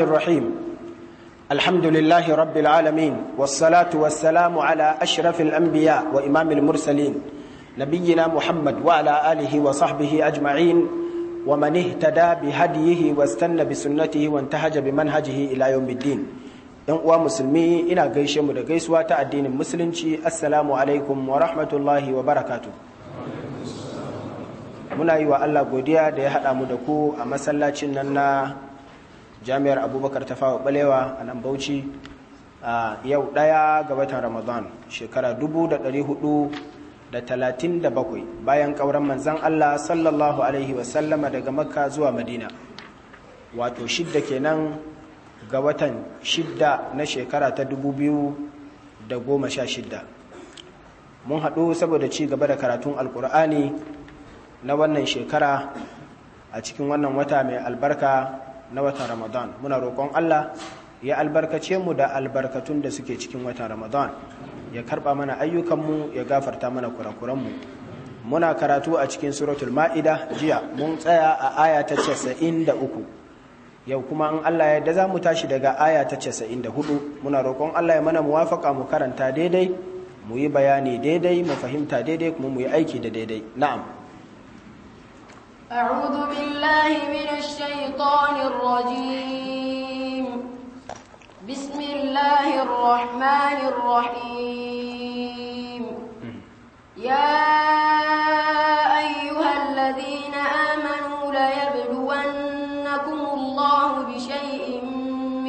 الرحيم الحمد لله رب العالمين والصلاة والسلام على أشرف الأنبياء وإمام المرسلين نبينا محمد وعلى آله وصحبه أجمعين ومن اهتدى بهديه واستنى بسنته وانتهج بمنهجه إلى يوم الدين ‘Yan uwa musulmi ina gaishe mu da gaisuwa ta addinin musulunci, Assalamu alaikum wa rahmatullahi wa barakatu. Muna yi wa Allah godiya da ya haɗa mu da ku a masallacin nan na jami'ar abubakar ta fawa balewa a nan bauchi a yau daya ga watan ramadan shekara 437 bayan ƙauren manzan allah sallallahu alaihi wasallama daga makka zuwa madina wato shidda kenan ga watan shidda na shekara ta 2016 mun haɗu saboda ci gaba da karatun alkur'ani na wannan shekara a cikin wannan wata mai albarka na watan ramadan muna roƙon allah ya albarkace mu da albarkatun da suke cikin watan ramadan ya karɓa mana ayyukanmu ya gafarta mana kurakuranmu muna karatu a cikin suratul ma'ida jiya mun tsaya a aya ta casa'in da uku yau kuma in allah yadda za mu tashi daga aya ta casa'in da hudu muna roƙon allah ya mana muwafaka mu karanta daidai mu yi bayani daidai mu fahimta daidai kuma mu yi aiki da daidai na'am أعوذ بالله من الشيطان الرجيم بسم الله الرحمن الرحيم يا أيها الذين آمنوا ليبلونكم الله بشيء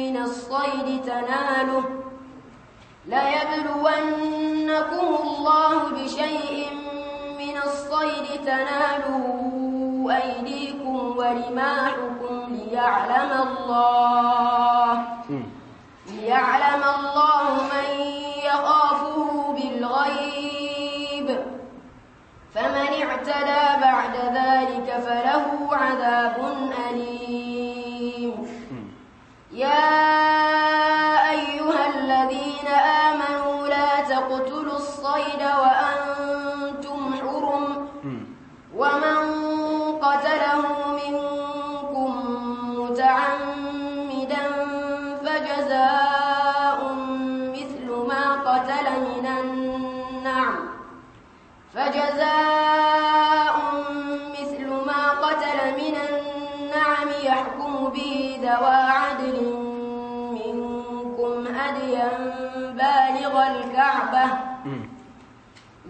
من الصيد تناله ليبلونكم الله بشيء من الصيد تناله أيديكم ورماحكم ليعلم الله ليعلم الله من يخافه بالغيب فمن اعتدى بعد ذلك فله عذاب أليم يا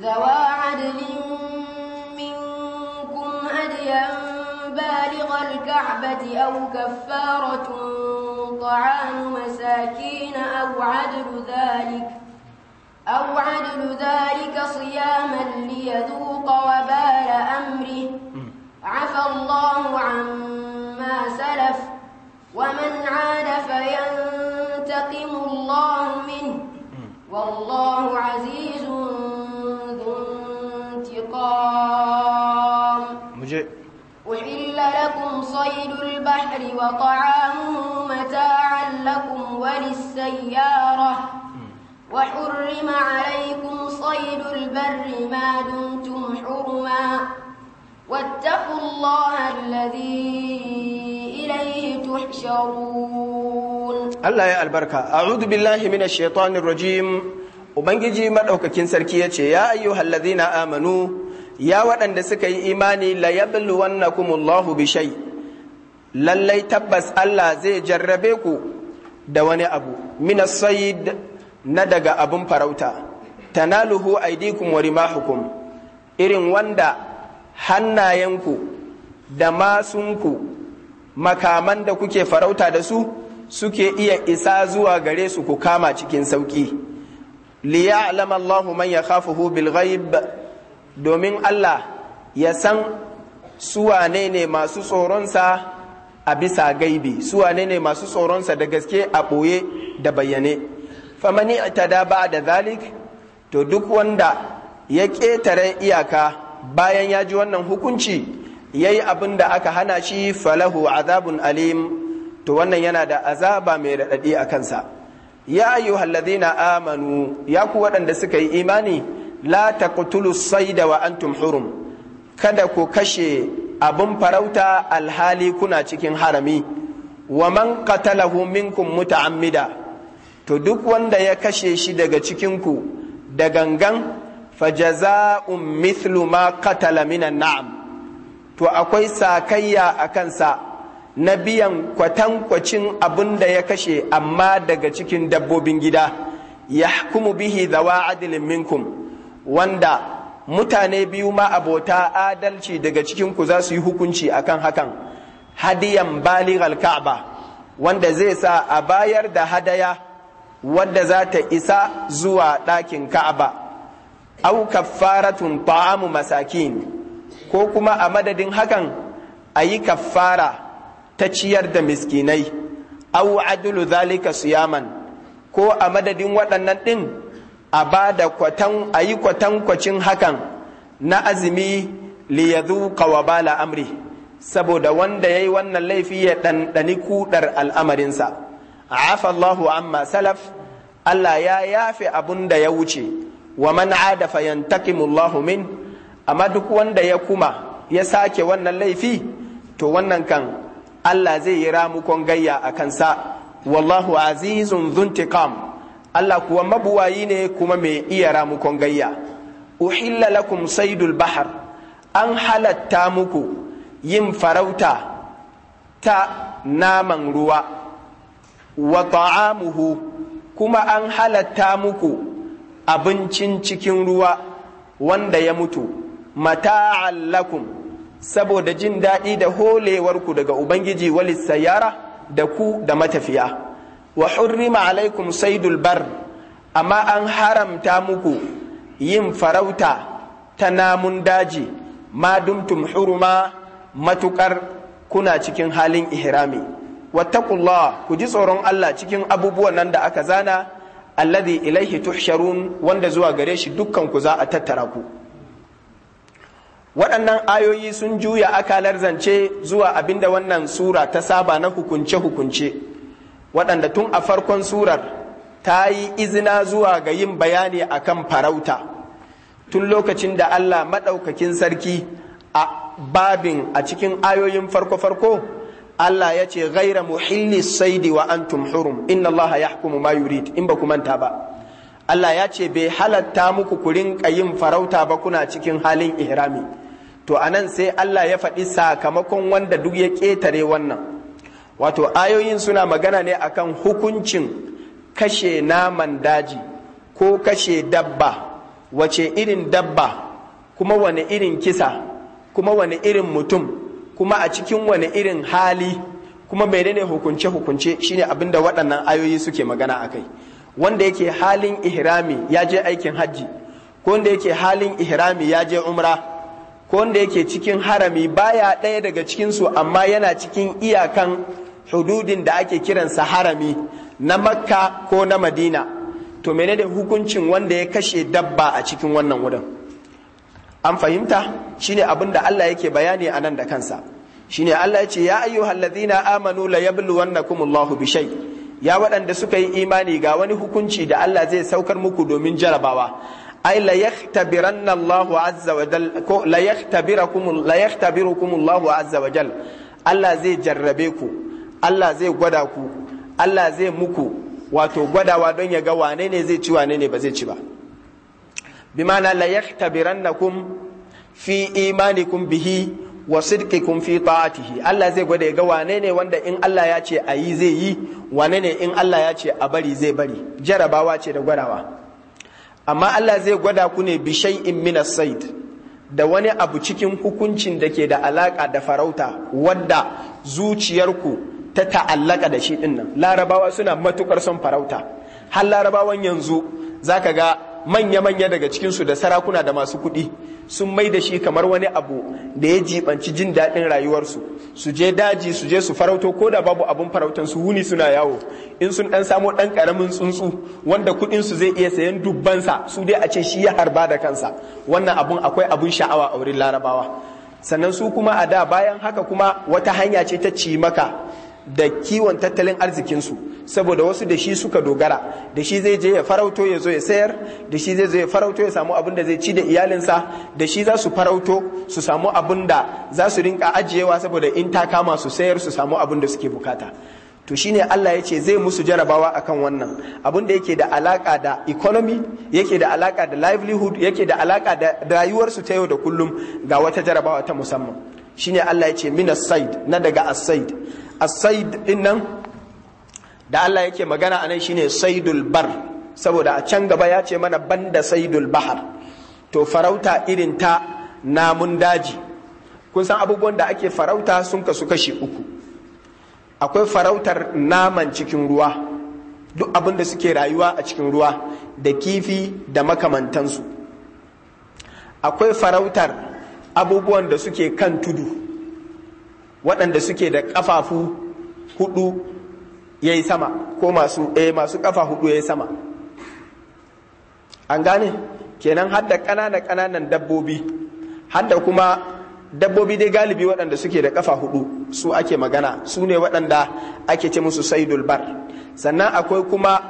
ذوى عدل منكم هديا بالغ الكعبة أو كفارة طعام مساكين أو عدل ذلك أو عدل ذلك صياما ليذوق وبال أمره عفى الله عما سلف ومن عاد فينتقم الله منه والله عزيز صيد البحر وطعامه متاعا لكم وللسيارة وحرم عليكم صيد البر ما دمتم حرما واتقوا الله الذي إليه تحشرون الله يا البركة أعوذ بالله من الشيطان الرجيم Ubangiji maɗaukakin sarki ya ce, Ya ayyuhal ladhina amanu, ya waɗanda suka yi imani la yabluwannakumullahu bishai lallai tabbas Allah zai jarrabe ku da wani abu Mina sayid na daga abin farauta tanaluhu aidikum wa rimahukum irin wanda hannayenku da masunku makaman da kuke farauta da su suke iya isa zuwa gare su ku kama cikin sauki liya'lama Allahu man yakhafuhu bil ghaib domin Allah ya san su wanene ne masu sa. a bisa gaibi su wane ne masu tsoronsa da gaske a ɓoye da bayyane famani tada ba da zalik to duk wanda ya ƙetare iyaka bayan ya ji wannan hukunci ya yi abin da aka hana shi falahu azabun alim to wannan yana da azaba mai raɗaɗi a kansa ya ayyu halladina amanu ya ku waɗanda suka yi imani la taqtulu sai wa antum hurum kada ku kashe abin farauta alhali kuna cikin harami wa man qatalahu minkum muta'ammida to duk wanda ya kashe shi daga cikinku da gangan fajaza'un mithlu ma qatala minan na'am to akwai sakayya a kansa na biyan kwatankwacin abin da ya kashe amma daga cikin dabbobin gida yahkumu bihi da adilin minkum wanda mutane biyu ma abota adalci daga cikin ku za su yi hukunci akan hakan hadiyan baligal ka'aba wanda zai sa a bayar da hadaya wanda za ta isa zuwa ɗakin ka'aba au kaffaratun ta'amu masakin ko kuma a madadin hakan a yi kaffara ta ciyar da miskinai au adulu zalika siyaman ko a madadin waɗannan ɗin a ba da kwatan a yi kwatankwacin hakan na azumi liyadu kawabala amri saboda wanda ya yi wannan laifi ya ɗanɗani kuɗar al'amarinsa afa Allahu amma salaf Allah ya yafe abun da ya wuce wa man ada fayantakimullahu min amma duk wanda ya kuma ya sake wannan laifi to wannan kan Allah zai yi ramukon gayya a kansa wallahu azizun zuntiqam Allah kuwa mabuwayi ne kuma mai iya ramukon gayya uhilla lakum saidul bahar an halatta muku yin farauta ta naman ruwa wa ta'amuhu kuma an halatta muku abincin cikin ruwa wanda ya mutu mata'an lakum saboda jin daɗi da holewarku daga ubangiji walis sayara da ku da matafiya wa hurrima alaikum saidul bar amma an haramta muku yin farauta ta namun daji ma dumtum huruma matukar kuna cikin halin ihrami wattaqullah ku ji tsoron Allah cikin abubuwan nan da aka zana alladhi ilaihi tuhsharun wanda zuwa gare shi dukkan ku za a tattara ku waɗannan ayoyi sun juya akalar zance zuwa abinda wannan sura ta saba na hukunce-hukunce waɗanda tun a farkon surar ta yi izina zuwa ga yin bayani akan farauta tun lokacin da Allah maɗaukakin sarki a babin a cikin ayoyin farko-farko Allah ya ce ghaira muhilli saidi wa antum hurum inna Allah ya hukumu ma yurid in ba ku manta ba Allah ya ce bai halatta muku ku rinka yin farauta ba kuna cikin halin ihrami to anan sai Allah ya faɗi sakamakon wanda duk ya ƙetare wannan wato ayoyin suna magana ne akan hukuncin kashe naman daji ko kashe dabba wace irin dabba kuma wani irin kisa kuma wani irin mutum kuma a cikin wani irin hali kuma ne hukunce hukunce shine abinda waɗannan ayoyi suke magana akai wanda yake halin ihrami ya je aikin hajji ko wanda yake halin ihrami ya je umra ko wanda yake cikin harami baya ɗaya daga cikinsu amma yana cikin iyakan hududin da ake kiransa harami na makka ko na madina to mene da hukuncin wanda ya kashe dabba a cikin wannan wurin an fahimta shine abin da Allah yake bayani a nan da kansa shine Allah ya ce ya ayyuhallazina amanu la yabluwannakumullahu bi shay ya waɗanda suka yi imani ga wani hukunci da Allah zai saukar muku domin jarabawa ai la yahtabiranna Allahu azza wa jal ko la la azza wa Allah zai jarrabe ku Allah zai gwada ku Allah zai muku wato gwadawa don ya ga wane ne zai ci wane ne ba zai ci ba bi ma'ana la yaktabirannakum fi imanikum bihi wa sidqikum fi ta'atihi Allah zai gwada ya ga wane ne wanda in Allah ya ce ayi zai yi wane ne in Allah ya ce a bari zai bari jarabawa ce da gwadawa amma Allah zai gwada ku ne bi shay'in min as da wani abu cikin hukuncin da ke da alaka da farauta wadda zuciyarku ta ta'allaka da shi ɗinnan larabawa suna matuƙar son farauta har larabawan yanzu za ka ga manya-manya daga cikinsu da sarakuna da masu kuɗi sun mai da shi kamar wani abu da ya jibanci jin daɗin rayuwarsu su je daji su je su farauto ko da babu abun farautar su wuni suna yawo in sun ɗan samo ɗan ƙaramin tsuntsu wanda kuɗinsu zai iya sayan dubbansa su dai a ce shi ya harba da kansa wannan abun akwai abun sha'awa a wurin larabawa sannan su kuma a da bayan haka kuma wata hanya ce ta cimaka da kiwon tattalin arzikinsu saboda wasu da shi suka dogara da shi zai je ya farauto ya zo ya sayar da shi zai zo ya farauto ya samu abin da zai ci da iyalinsa da shi za su farauto su samu abin da za su rinka ajiyewa saboda in ta kama su sayar su samu abin da suke bukata to shine Allah ya ce zai musu jarabawa akan wannan abin da yake da alaka da economy yake da alaka da livelihood yake da alaka da rayuwarsu ta yau da kullum ga wata jarabawa ta musamman shine Allah ya ce minas said na daga as said asaid said dinnan da Allah yake magana anan shine saidul bar saboda a can gaba ya ce mana banda saidul bahar to farauta irin ta namun daji kun san abubuwan da ake farauta sun kasu kashi uku akwai farautar naman cikin ruwa duk abin da suke rayuwa a cikin ruwa da kifi da makamantansu akwai farautar abubuwan da suke kan tudu waɗanda suke da ƙafafu hudu ya yi sama ko masu eh masu ƙafa hudu ya yi sama an gane kenan hadda ƙananan ƙananan dabbobi hadda kuma dabbobi dai galibi waɗanda suke da ƙafa hudu su ake magana su ne waɗanda ake ce musu saidul bar sannan akwai kuma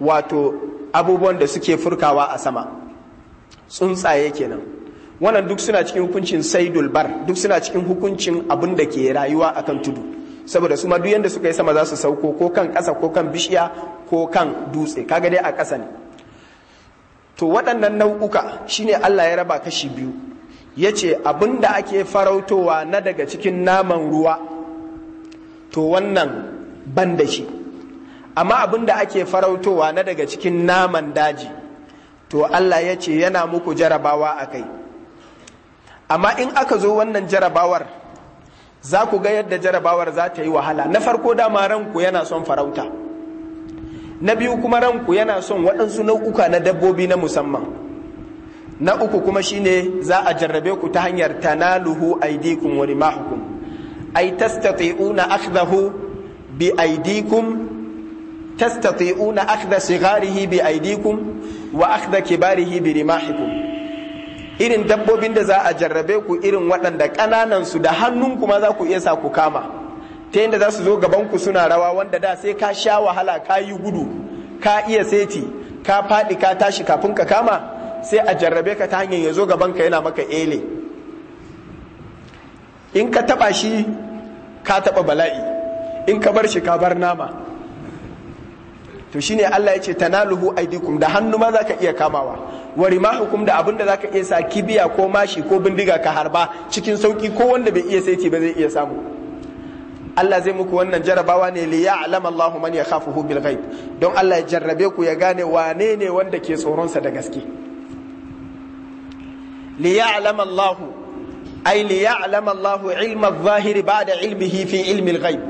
wato abubuwan da suke furkawa a sama tsuntsaye kenan wannan duk suna cikin hukuncin saidul bar duk suna cikin hukuncin abin da ke rayuwa akan tudu saboda su duk yanda suka yi sama za su sauko ko kan ƙasa ko kan bishiya ko kan dutse kaga dai a ƙasa ne to waɗannan nau'uka shine Allah ya raba kashi biyu ya ce abin da ake farautowa na daga cikin naman ruwa to wannan ban da shi amma abin da ake farautowa na daga cikin naman daji to Allah ya ce yana muku jarabawa a kai amma in aka zo wannan jarabawar za ku ga yadda jarabawar za ta yi wahala na farko dama ranku yana son farauta na biyu kuma ranku yana son waɗansu nau'uka na dabbobi na musamman na uku kuma shine za a jarrabe ku ta hanyar tanaluhu aidikum wa rimahukum ay tastati'una akhdahu bi aidikum tastati'una akhdha sigharihi bi aidikum wa akhdha kibarihi bi rimahikum irin dabbobin da za a jarrabe ku irin waɗanda ƙananan su da hannun kuma za ku iya sa ku kama ta yadda za su zo gaban ku suna rawa wanda da sai ka sha wahala ka yi gudu ka iya seti ka faɗi ka tashi kafin ka kama sai a jarrabe ka ta hanyar ya zo gaban ka yana maka ele in ka taɓa shi ka taɓa bala'i in ka bar shi ka bar nama to shine Allah ya ce tanaluhu aidikum da hannu ma za ka iya kamawa ma hukum da abinda zaka iya sa kibiya ko mashi ko bindiga ka harba cikin sauki ko wanda bai iya saiti ba zai iya samu Allah zai muku wannan jarabawa ne li ya'lam Allahu man yakhafuhu bil ghaib don Allah ya jarrabe ku ya gane wane ne wanda ke tsoron sa da gaske li ya'lam Allahu ay li ya'lam Allahu ilma adh-dhahir ba'da ilmihi fi ilmi al-ghaib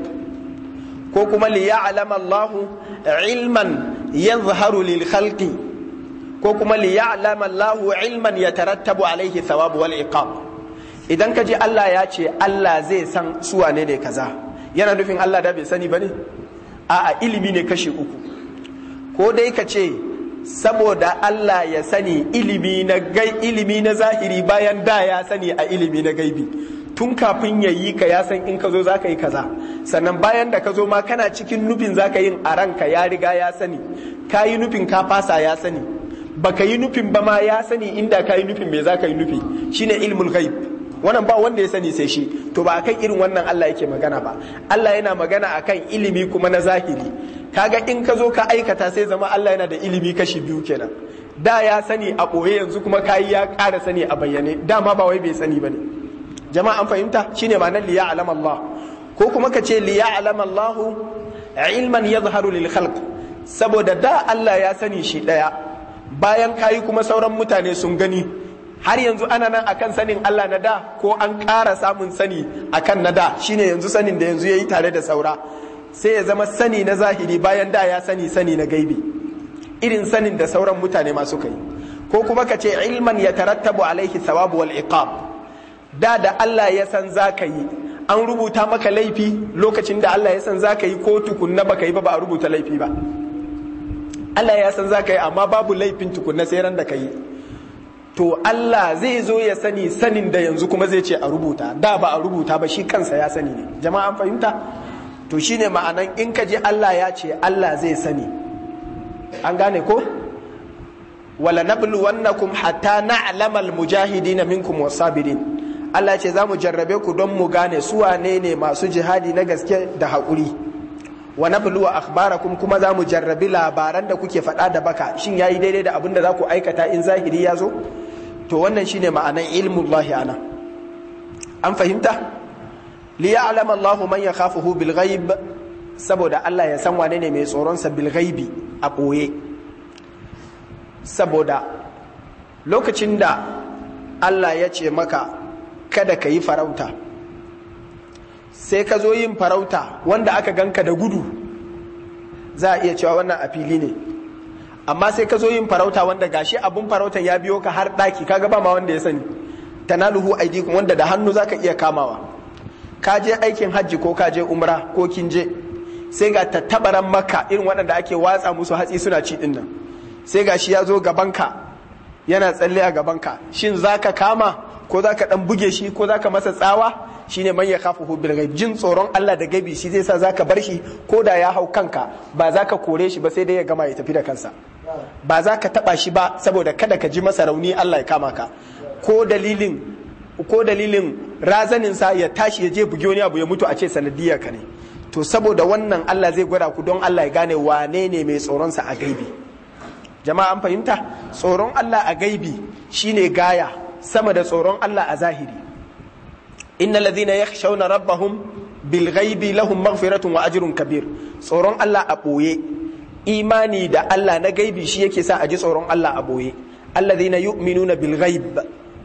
ko kuma li ya'lam Allahu ilman yadhharu lil khalqi ko kuma li ya'lama Allahu ilman yatarattabu alaihi thawabu wal iqab idan ka ji Allah ya ce Allah zai san suwa ne ne kaza yana nufin Allah da bai sani bane a'a ilimi ne kashi uku ko dai ka ce saboda Allah ya sani ilimi na gai ilimi na zahiri bayan da ya sani a ilimi na gaibi tun kafin ya yi ka ya san in ka zo za ka yi kaza sannan bayan da ka zo ma kana cikin nufin za ka yin a ranka ya riga ya sani ka yi nufin ka fasa ya sani baka yi nufin ba ma ya sani inda ka yi nufin me za ka yi nufi shine ilmul ghaib wannan ba wanda ya sani sai shi to ba akan irin wannan Allah yake magana ba Allah yana magana akan ilimi kuma na zahiri kaga in ka zo ka aikata sai zama Allah yana da ilimi kashi biyu kenan da ya sani a boye yanzu kuma kayi ya ƙara sani a bayyane Da ma ba wai bai sani bane jama'a an fahimta shine nan liya alama Allah ko kuma ka ce liya alama Allah ilman yadhharu lil khalq saboda da Allah ya sani shi daya bayan kayi kuma sauran mutane sun gani har yanzu ana nan akan sanin Allah na da ko an ƙara samun sani akan na da shine yanzu sanin da yanzu ya yi tare da saura sai ya zama sani na zahiri bayan da ya sani sani na gaibi irin sanin da sauran mutane ma suka yi ko kuma ka ce ilman ya tarattabu alaihi sawabu wal iqab da da Allah ya san zaka yi an rubuta maka laifi lokacin da Allah ya san zaka yi ko tukunna baka yi ba ba a rubuta laifi ba Allah ya san za ka yi amma babu laifin tukunna sai ran da ka yi to Allah zai zo ya sani sanin da yanzu kuma zai ce a rubuta da ba a rubuta ba shi kansa ya sani ne jama'a an fahimta to shine ma'anan in ka je Allah ya ce Allah zai sani an gane ko wala wannakum hatta na'lama almujahidin minkum wasabirin Allah ce za mu jarrabe ku don mu gane su wane ne masu jihadi na gaske da hakuri. wa wa akhbarakum kuma za mu jarrabi labaran da kuke faɗa da baka shin yayi daidai da abin da za ku aikata in zahiri ya zo to wannan shine ma'anan ilmullahi ana an fahimta li ya'lam Allahu man yakhafuhu bil ghaib saboda Allah ya san wane ne mai tsoron sa bil ghaibi a boye saboda lokacin da Allah ya ce maka kada ka yi farauta sai ka zo yin farauta wanda aka ganka da gudu za a iya cewa wannan a fili ne amma sai ka zo yin farauta wanda gashi abun farauta ya biyo ka har ɗaki ka ba ma wanda ya sani tanaluhu aidikum wanda da hannu zaka iya kamawa ka je aikin hajji ko ka je umra ko kin je sai ga tattabaran maka irin waɗanda ake watsa musu hatsi suna ci din nan sai gashi ya zo gabanka yana tsalle a gabanka shin za ka kama ko za ka ɗan buge shi ko za ka masa tsawa shine man ya kafa hu bil jin tsoron Allah da gaibi shi zai sa zaka bar shi ko da ya hau kanka ba zaka kore shi ba sai dai ya gama ya tafi da kansa ba za ka taba shi ba saboda kada ka ji masa rauni Allah ya kama ka ko dalilin ko razanin sa ya tashi ya je bugi wani abu ya mutu a ce sanadiyar ka ne to saboda wannan Allah zai gwada ku don Allah ya gane wane ne mai tsoron sa a gaibi jama'a an fahimta tsoron Allah a gaibi shine gaya sama da tsoron Allah a zahiri innal ladhina yakhshawna rabbahum bil ghaibi lahum maghfiratun wa ajrun kabir tsoron Allah a boye imani da Allah na gaibi shi yake sa a ji tsoron Allah a boye alladhina yu'minuna bil ghaib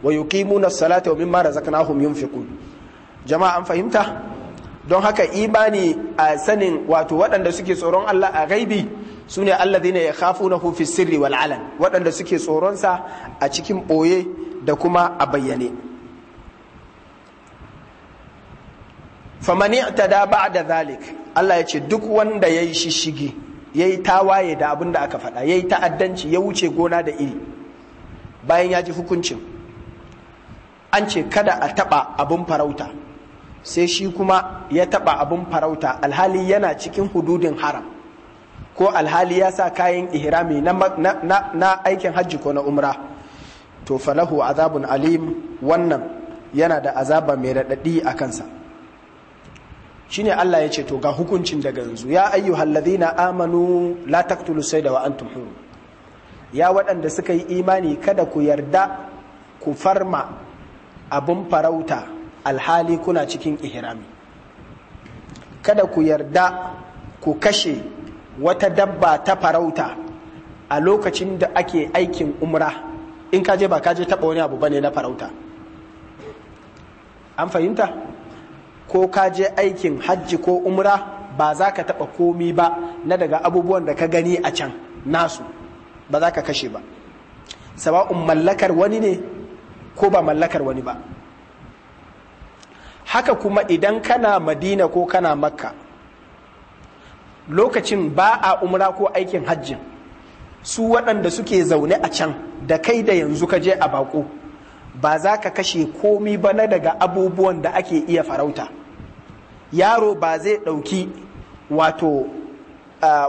wa yuqimuna as-salata wa mimma razaqnahum yunfiqun jama'a an fahimta don haka imani a sanin wato waɗanda suke tsoron Allah a gaibi su ne alladhina na fi sirri wal waɗanda suke tsoronsa a cikin ɓoye da kuma a bayyane da ba da zalik Allah ya ce duk wanda yayi shishigi yi tawaye da abin da aka faɗa ya yi ta'addanci ya wuce gona da iri bayan ya ji hukuncin an ce kada a taɓa abin farauta sai shi kuma ya taɓa abin farauta alhali yana cikin hududin haram ko alhali ya sa kayan ihrami na, na aikin hajji ko na umra to falahu azabun alim wannan yana da azaba mai raɗaɗi a kansa shine Allah ya ce to ga hukuncin daga yanzu ya ayyuhal ladhina amanu la taqtulu sayda wa antum ya waɗanda suka yi imani kada ku yarda ku farma abun farauta alhali kuna cikin ihrami kada ku yarda ku kashe wata dabba ta farauta a lokacin da ake aikin umra in kaje ba kaje taɓa wani abu bane na farauta an fahimta ko ka je aikin hajji ko umra ba za ka taɓa komi ba na daga abubuwan da ka gani a can nasu ba za ka kashe ba sawa'un mallakar wani ne ko ba mallakar wani ba haka kuma idan kana madina ko kana makka lokacin ba a umra ko aikin hajji su waɗanda suke zaune a can da kai da yanzu ka je a bako ba za ka kashe komi ba na daga abubuwan da ake iya farauta yaro ba zai ɗauki wato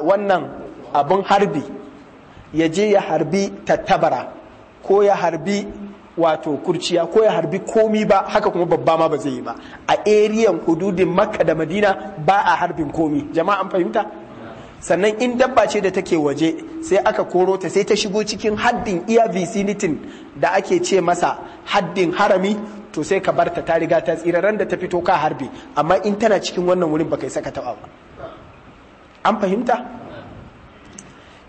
wannan abin harbi ya je ya harbi tattabara ko ya harbi wato kurciya ko ya harbi komi ba haka kuma babba ma ba zai yi ba a eriyan hududin makka da madina ba a harbin komi jama'an fahimta sannan in dabba ce da take waje sai aka koro ta sai ta shigo cikin haddin iya vicinitin da ake ce masa haddin harami to sai ka barta ta riga ta tsira ran da ta fito ka harbi amma in tana cikin wannan wurin baka yi saka ta ba an fahimta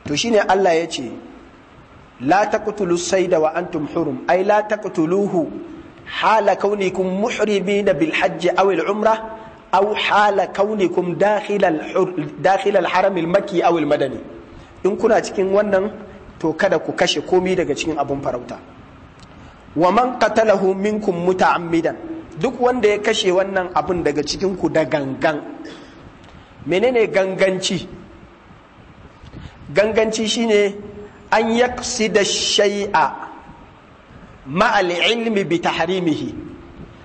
to shine Allah ya ce la taqtulu sayda wa antum hurum ay la taqtuluhu hala kaunikum muhribina bil hajj aw al umrah aw hala kaunikum dakhil al-haram al-makki aw al-madani in kuna cikin wannan to kada ku kashe komi daga cikin abun farauta wa man qatalahu minkum muta'ammidan duk wanda ya kashe wannan abun daga cikin ku da gangan menene ganganci ganganci shine an yaqsida shay'a ma'al ilmi bi tahrimihi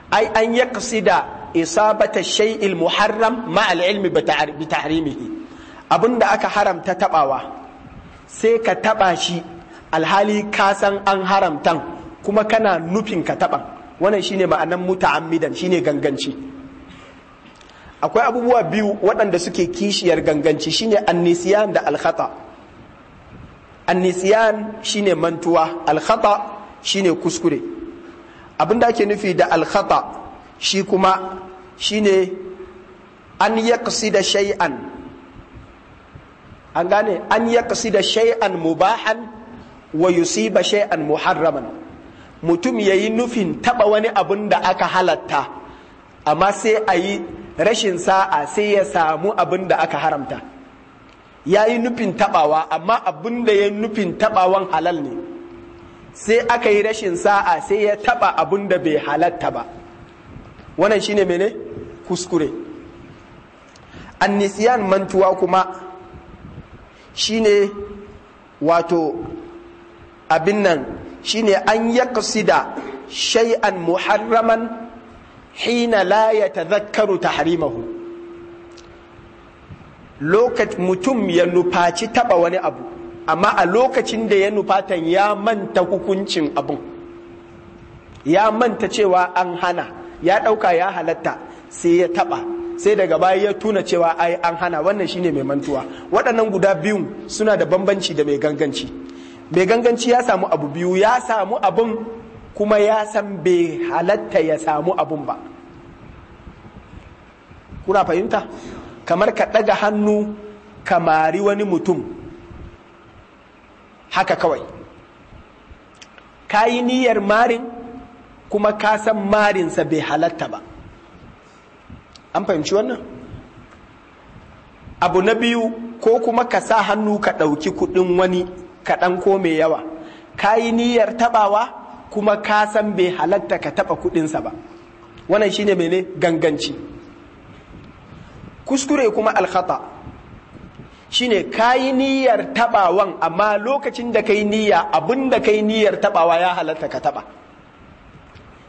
ai an yaksida isabata shay'il muharram ma al-ilmi bi tahrimihi abinda aka haramta tabawa sai ka taba shi alhali ka san an haramtan kuma kana nufin ka taban wannan shine ma'anan muta'ammidan shine ganganci akwai abubuwa biyu waɗanda suke kishiyar ganganci shine annisiyan da alkhata annisiyan shine mantuwa alkhata shine kuskure abinda ake nufi da alkhata shi kuma shi ne an da shay'an an gane an shai'an shay'an mubahan wa yusiba shay'an muharraman mutum ya yi nufin taba wani abun da aka halatta amma sai a yi rashin sa'a sai ya samu abin da aka haramta ya yi nufin tabawa amma abin da ya nufin tabawan halal ne sai aka yi rashin sa'a sai ya taba abun da bai halatta ba wannan shine mene kuskure annisiyan mantuwa kuma shine wato abin nan shine an yaqsida shay'an muharraman hina la yatadhakkaru tahrimahu lokat mutum ya nufaci taba wani abu amma a lokacin da ya nufatan ya manta hukuncin abun ya manta cewa an hana ya ɗauka ya halatta sai ya taɓa sai daga baya ya tuna cewa ai an hana wannan shine mai mantuwa waɗannan guda biyun suna da bambanci da mai ganganci mai ganganci ya samu abu biyu ya samu abun kuma ya san bai halatta ya samu abun ba kuna fahimta kamar ka ɗaga hannu kamari wani mutum haka kawai ka yi niyyar marin kuma ka san marinsa bai halatta ba an fahimci wannan abu na biyu ko kuma ka sa hannu ka ɗauki kuɗin wani kaɗan ko mai yawa ka yi niyyar taɓawa kuma ka san bai halatta ka taɓa kuɗinsa ba wannan shine mene ganganci kuskure kuma alkhata shine ka yi niyyar taɓawan amma lokacin da ka yi niyya abin da ka yi niyyar taɓawa ya halatta ka taɓa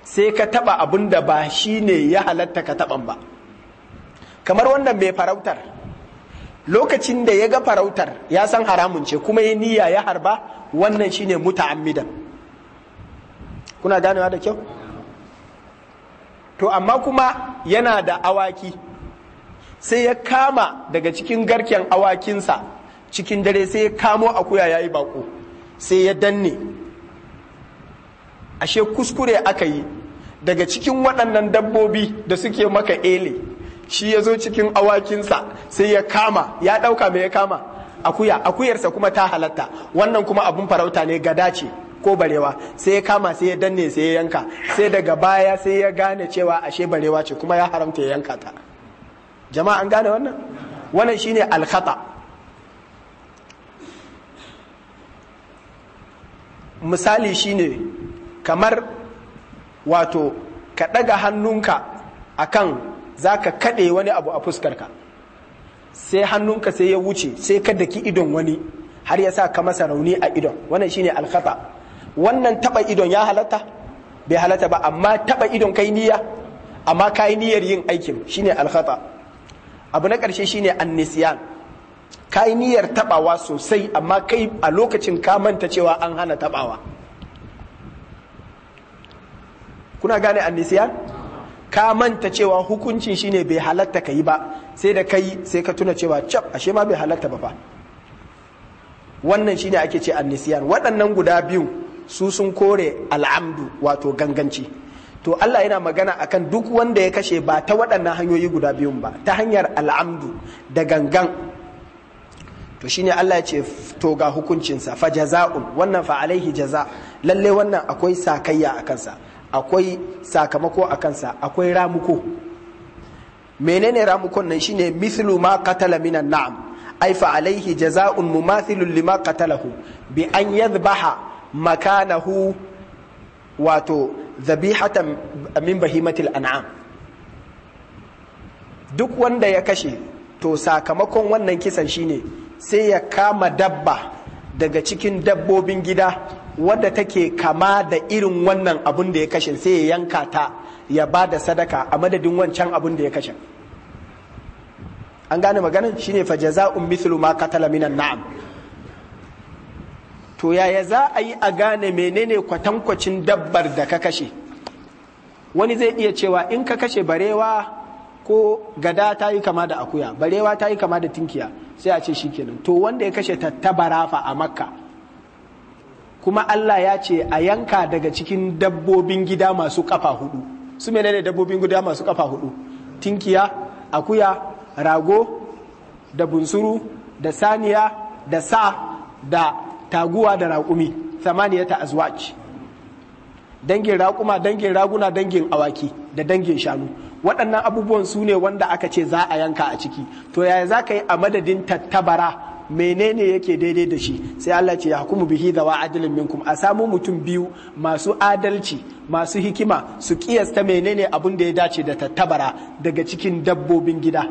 sai ka taba abin da ba shi ne ya halatta ka taban ba kamar wannan mai farautar lokacin da ya ga farautar ya san haramun ce kuma ya niyya ya harba wannan shi ne muta'ammidan kuna ganewa da kyau to amma kuma yana da awaki sai ya kama daga cikin garken awakinsa cikin dare sai ya kamo akuya ya yi bako sai ya danne ashe kuskure aka yi daga cikin waɗannan dabbobi da suke maka ele shi ya zo cikin awakinsa sai ya kama ya ɗauka mai ya kama akuya akuyarsa kuma ta halatta wannan kuma abin farauta ne gada ce ko barewa sai ya kama sai ya danne sai ya yanka sai daga baya sai ya gane cewa ashe barewa ce kuma ya haramta ya yanka ta jama'a an gane wannan wannan shine alkhata misali shine kamar wato ka ɗaga hannunka a kan za ka kaɗe wani abu a fuskarka sai hannunka sai ya wuce sai ka daki idon wani har ya sa ka masa rauni a idon wannan shine alkhata wannan taɓa idon ya halatta bai halatta ba amma taɓa idon kai niyya amma yi niyyar yin aikin shine alkhata abu na karshe shine annisiyan yi niyyar taɓawa sosai amma kai a lokacin ka manta cewa an hana taɓawa. kuna gane annisiya ka manta cewa hukuncin shine bai halatta ka yi ba sai da kai sai ka tuna cewa cap ashe ma bai halatta ba fa wannan shine ake ce annisiyan waɗannan guda biyu su sun kore al'amdu wato ganganci to Allah yana magana akan duk wanda ya kashe ba ta waɗannan hanyoyi guda biyun ba ta hanyar al'amdu da gangan to shine Allah ya ce to ga hukuncinsa fa jaza'un wannan fa alaihi jaza lalle wannan akwai sakayya a kansa akwai sakamako a kansa akwai ramuko menene ramukon nan shine mithlu ma qatala minan na'am ai fa alaihi jaza'un mumathilun lima qatalahu bi an yadhbaha makanahu wato dhabihatan min bahimatil an'am duk wanda ya kashe to sakamakon wannan kisan shine sai ya kama dabba daga cikin dabbobin gida wadda take kama da irin wannan abun da ya kashe sai ya yanka ta ya ba da sadaka a madadin wancan abun da ya kashe an gane maganin shine fa jaza'un mithlu ma qatala minan na'am to yaya za a yi a gane menene kwatankwacin dabbar da ka kashe wani zai iya cewa in ka kashe barewa ko gada ta yi kama da akuya barewa ta yi kama da tinkiya sai a ce shikenan to wanda ya kashe tattabara fa a makka kuma Allah ya ce a yanka daga cikin dabbobin gida masu kafa hudu su menene dabbobin gida masu kafa hudu tinkiya akuya rago da bunsuru da saniya da sa da taguwa da raƙumi ta azwaj dangin raƙuma dangin raguna dangin awaki da dangin shanu waɗannan abubuwan su ne wanda aka ce za a yanka a ciki to yaya za ka yi a madadin tattabara menene yake daidai da shi sai Allah ce ya hukumu bihi da wa'adilin minkum a samu mutum biyu masu adalci masu hikima su kiyasta menene abun da ya dace da tattabara daga cikin dabbobin gida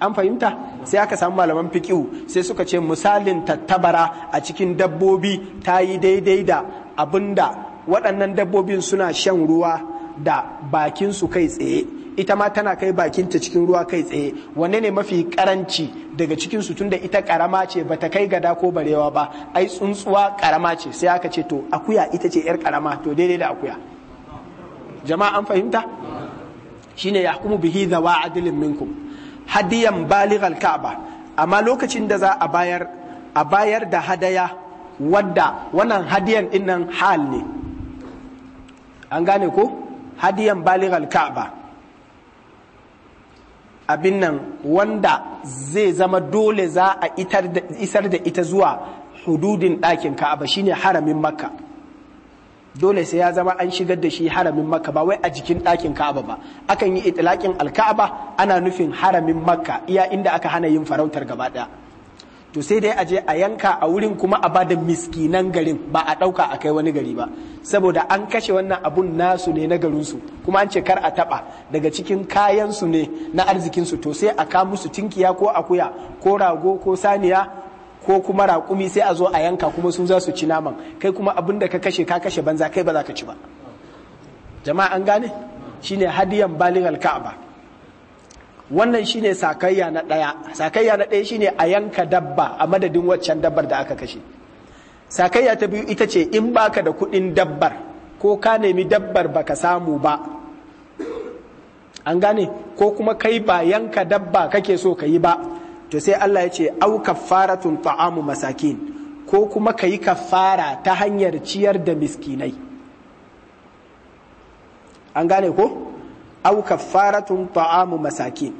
an fahimta sai aka samu malaman fiqihu sai suka ce misalin tattabara a cikin dabbobi ta yi daidai da abinda waɗannan dabbobin suna shan ruwa da bakin su kai tsaye ita ma tana kai bakinta cikin ruwa kai tsaye wanne ne mafi karanci daga cikin su tunda ita karama ce bata kai gada ko barewa ba ai tsuntsuwa karama ce sai aka ce to akuya ita ce yar karama to daidai da akuya jama'a an fahimta shine yahkumu bihi da adilin minkum hadiyan balighal ka'ba amma lokacin da za a bayar a bayar da hadaya wadda wannan hadiyan dinnan hal ne an gane ko hadiyan balighal ka'ba abin nan wanda zai zama dole za a isar da ita zuwa hududin ɗakin ka'aba shine haramin makka dole sai ya zama an shigar da shi haramin makka ba wai a jikin ɗakin ka'aba ba akan yi itilakin alka'aba ana nufin haramin makka iya inda aka hana yin farautar gaba ɗaya to sai dai aje a yanka a wurin kuma a bada miskinan garin ba a ɗauka a kai wani gari ba saboda an kashe wannan abun nasu ne na garinsu kuma an ce kar a taɓa daga cikin kayansu ne na arzikinsu to sai a ka musu tinkiya ko akuya ko rago ko saniya ko kuma raƙumi sai a zo a yanka kuma su za su ci naman kai kuma abin da ka kashe ka kashe banza kai ba za ka ci ba jama'a an gane shine hadiyan balighal ka'aba wannan shine sakayya na ɗaya sakayya na ɗaya shine a yanka dabba a madadin waccan dabbar da aka kashe sakayya ta biyu ita ce in baka da kuɗin dabbar ko ka nemi dabbar baka samu ba an gane ko kuma kai ba yanka dabba kake so ka yi ba to sai Allah ya ce au kaffaratun ta'amu masakin ko kuma ka yi kaffara ta hanyar ciyar da miskinai an gane ko au tun ta'amu masakin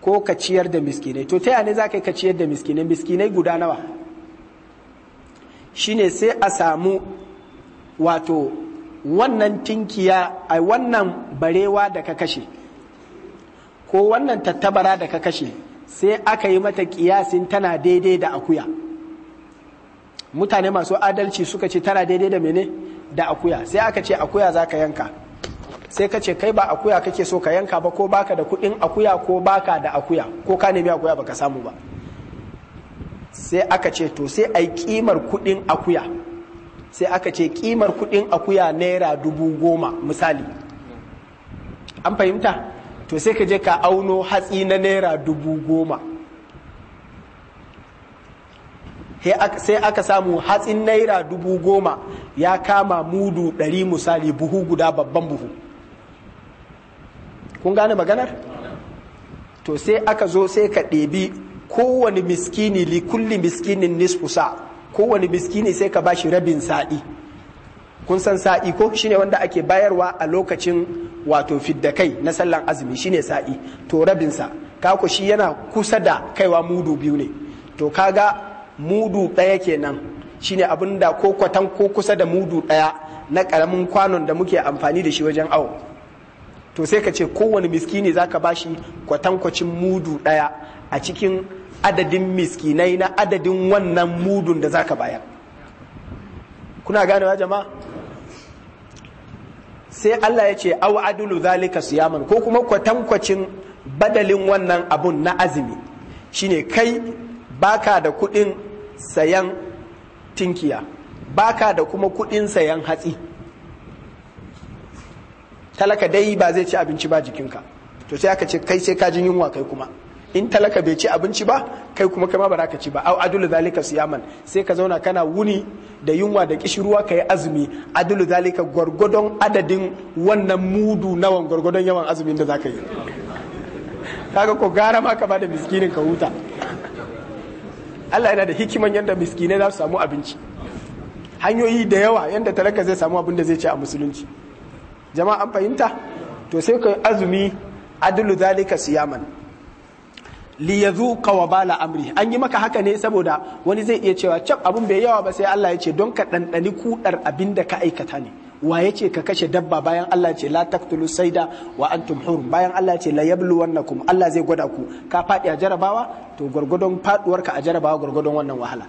ko ka ciyar da miskinai to ta yane za ka yi ka ciyar da miskinai miskinai guda nawa shine sai a samu wato wannan tinkiya a wannan barewa da ka kashe ko wannan tattabara da ka kashe sai aka yi mata kiyasin tana daidai da akuya mutane masu adalci suka ce tana daidai da mene da akuya sai aka ce akuya za ka yanka sai ka ce kai ba akuya kake so ka yanka ba ko baka da kudin akuya ko baka da akuya ko ka nemi akuya baka samu ba sai aka ce to sai ai kimar kudin akuya sai aka ce kimar kudin akuya naira dubu goma misali an fahimta to sai ka je ka auno hatsi na naira dubu goma sai aka samu hatsin naira dubu goma ya kama mudu ɗari misali buhu guda babban buhu kun gane maganar to sai aka zo sai ka ɗebi kowane miskini li kulli miskinin nisfu sa kowane miskini sai ka ba shi rabin sa'i kun san sa'i ko shine wanda ake bayarwa a lokacin wato fiddakai na sallan azumi shine sa'i to rabin sa kako shi yana kusa da kaiwa mudu biyu ne to kaga mudu ɗaya kenan shine abin da ko kwatan ko kusa da mudu ɗaya na ƙaramin kwanon da muke amfani da shi wajen awo to sai ka ce kowane miskini za ka shi kwatankwacin mudu ɗaya a cikin adadin miskinai na adadin wannan mudun da za ka bayar kuna ganewa jama'a sai Allah ya ce au adulu zalika siyaman ko kuma kwatankwacin badalin wannan abun na azumi shine kai baka da kudin sayan tinkiya baka da kuma kudin sayan hatsi talaka dai ba zai ci abinci ba jikinka to sai aka ce kai sai ka jin yunwa kai kuma in talaka bai ci abinci ba kai kuma kai ma ba ka ci ba au adulu zalika siyaman sai ka zauna kana wuni da yunwa da kishirwa kai azumi adulu zalika gwargwadon adadin wannan mudu nawan gwargwadon yawan azumin da zaka yi kaga ko gara ma ka bada miskinin ka huta Allah yana da hikiman yadda miskinai za su samu abinci hanyoyi da yawa yadda talaka zai samu abin da zai ci a musulunci jama'a an fahimta to sai kai azumi adullu zalika siyaman li wa bala amri an yi maka haka ne saboda wani zai iya cewa cap abun bai yawa ba sai Allah ya ce don ka dandani kudar abin da ka aikata ne wa ya ce ka kashe dabba bayan Allah ce la taktulu saida wa antum hur bayan Allah ce la yablu wannakum Allah zai gwada ku ka fadi a jarabawa to gwargwadon faɗuwarka a jarabawa gwargwadon wannan wahala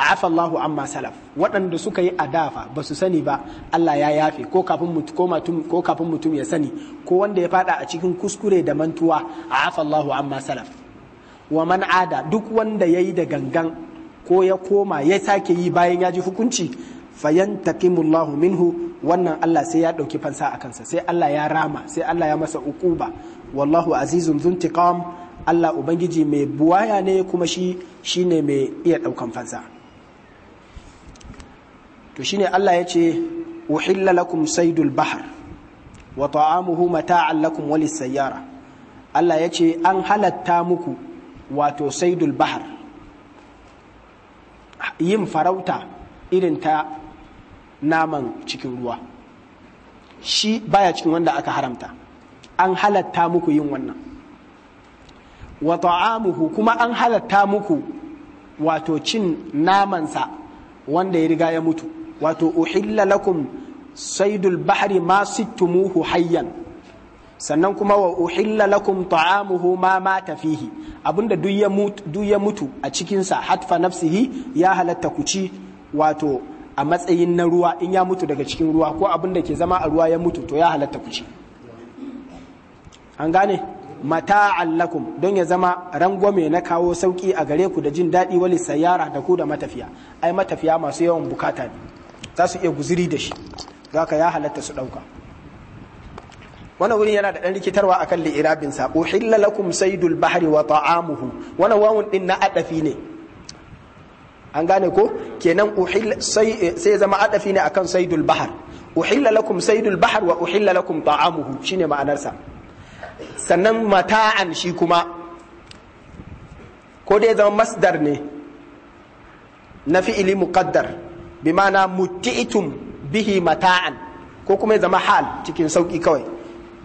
afa Allahu amma salaf waɗanda suka yi adafa ba su sani ba Allah ya yafe ko kafin mutum ko kafin mutum ya sani ko wanda ya fada a cikin kuskure da mantuwa afa Allahu amma salaf wa man ada duk wanda yayi da gangan ko ya koma ya sake yi bayan ya ji hukunci fayantaqimullahu minhu wannan Allah sai ya dauki fansa a kansa sai Allah ya rama sai Allah ya masa uquba wallahu azizun zuntiqam Allah ubangiji mai buwaya ne kuma shi shine mai iya ɗaukan fansa to shine Allah ya ce uhilla lakum saidul bahar wa ta'amuhu mata'an lakum walis sayyara Allah ya ce an halatta muku wato saidul bahar. yin farauta irin ta naman cikin ruwa shi baya cikin wanda aka haramta an halatta muku yin wannan wa ta'amuhu kuma an halatta muku wato cin namansa wanda ya riga ya mutu wato uhilla lakum saidul bahri ma sittumuhu hayyan sannan kuma wa uhilla lakum ta'amuhu ma mata fihi abinda duk ya mutu a cikinsa hatfa nafsihi ya halatta ku ci wato a matsayin na ruwa in ya mutu daga cikin ruwa ko abinda ke zama a ruwa ya mutu to ya halatta ku ci an gane mata lakum don ya zama rangwame na kawo sauki a gare ku da jin daɗi wali sayara da ku da matafiya ai matafiya masu yawan bukata ne za su iya guziri da shi za ka ya halatta su ɗauka wannan wurin yana da ɗan rikitarwa kan li'irabin sa uhilla lakum saydul wa ta'amuhu wannan wawun din na adafi ne an gane ko kenan sai sai zama adafi ne akan saidul bahar uhilla saidul bahar wa uhillalakum ta'amuhu shine ma'anar sa sannan mata'an shi kuma ko dai zama masdar ne na fi'ili muqaddar bi ma'ana muti'itum bihi mata'an ko kuma ya zama hal cikin sauki kawai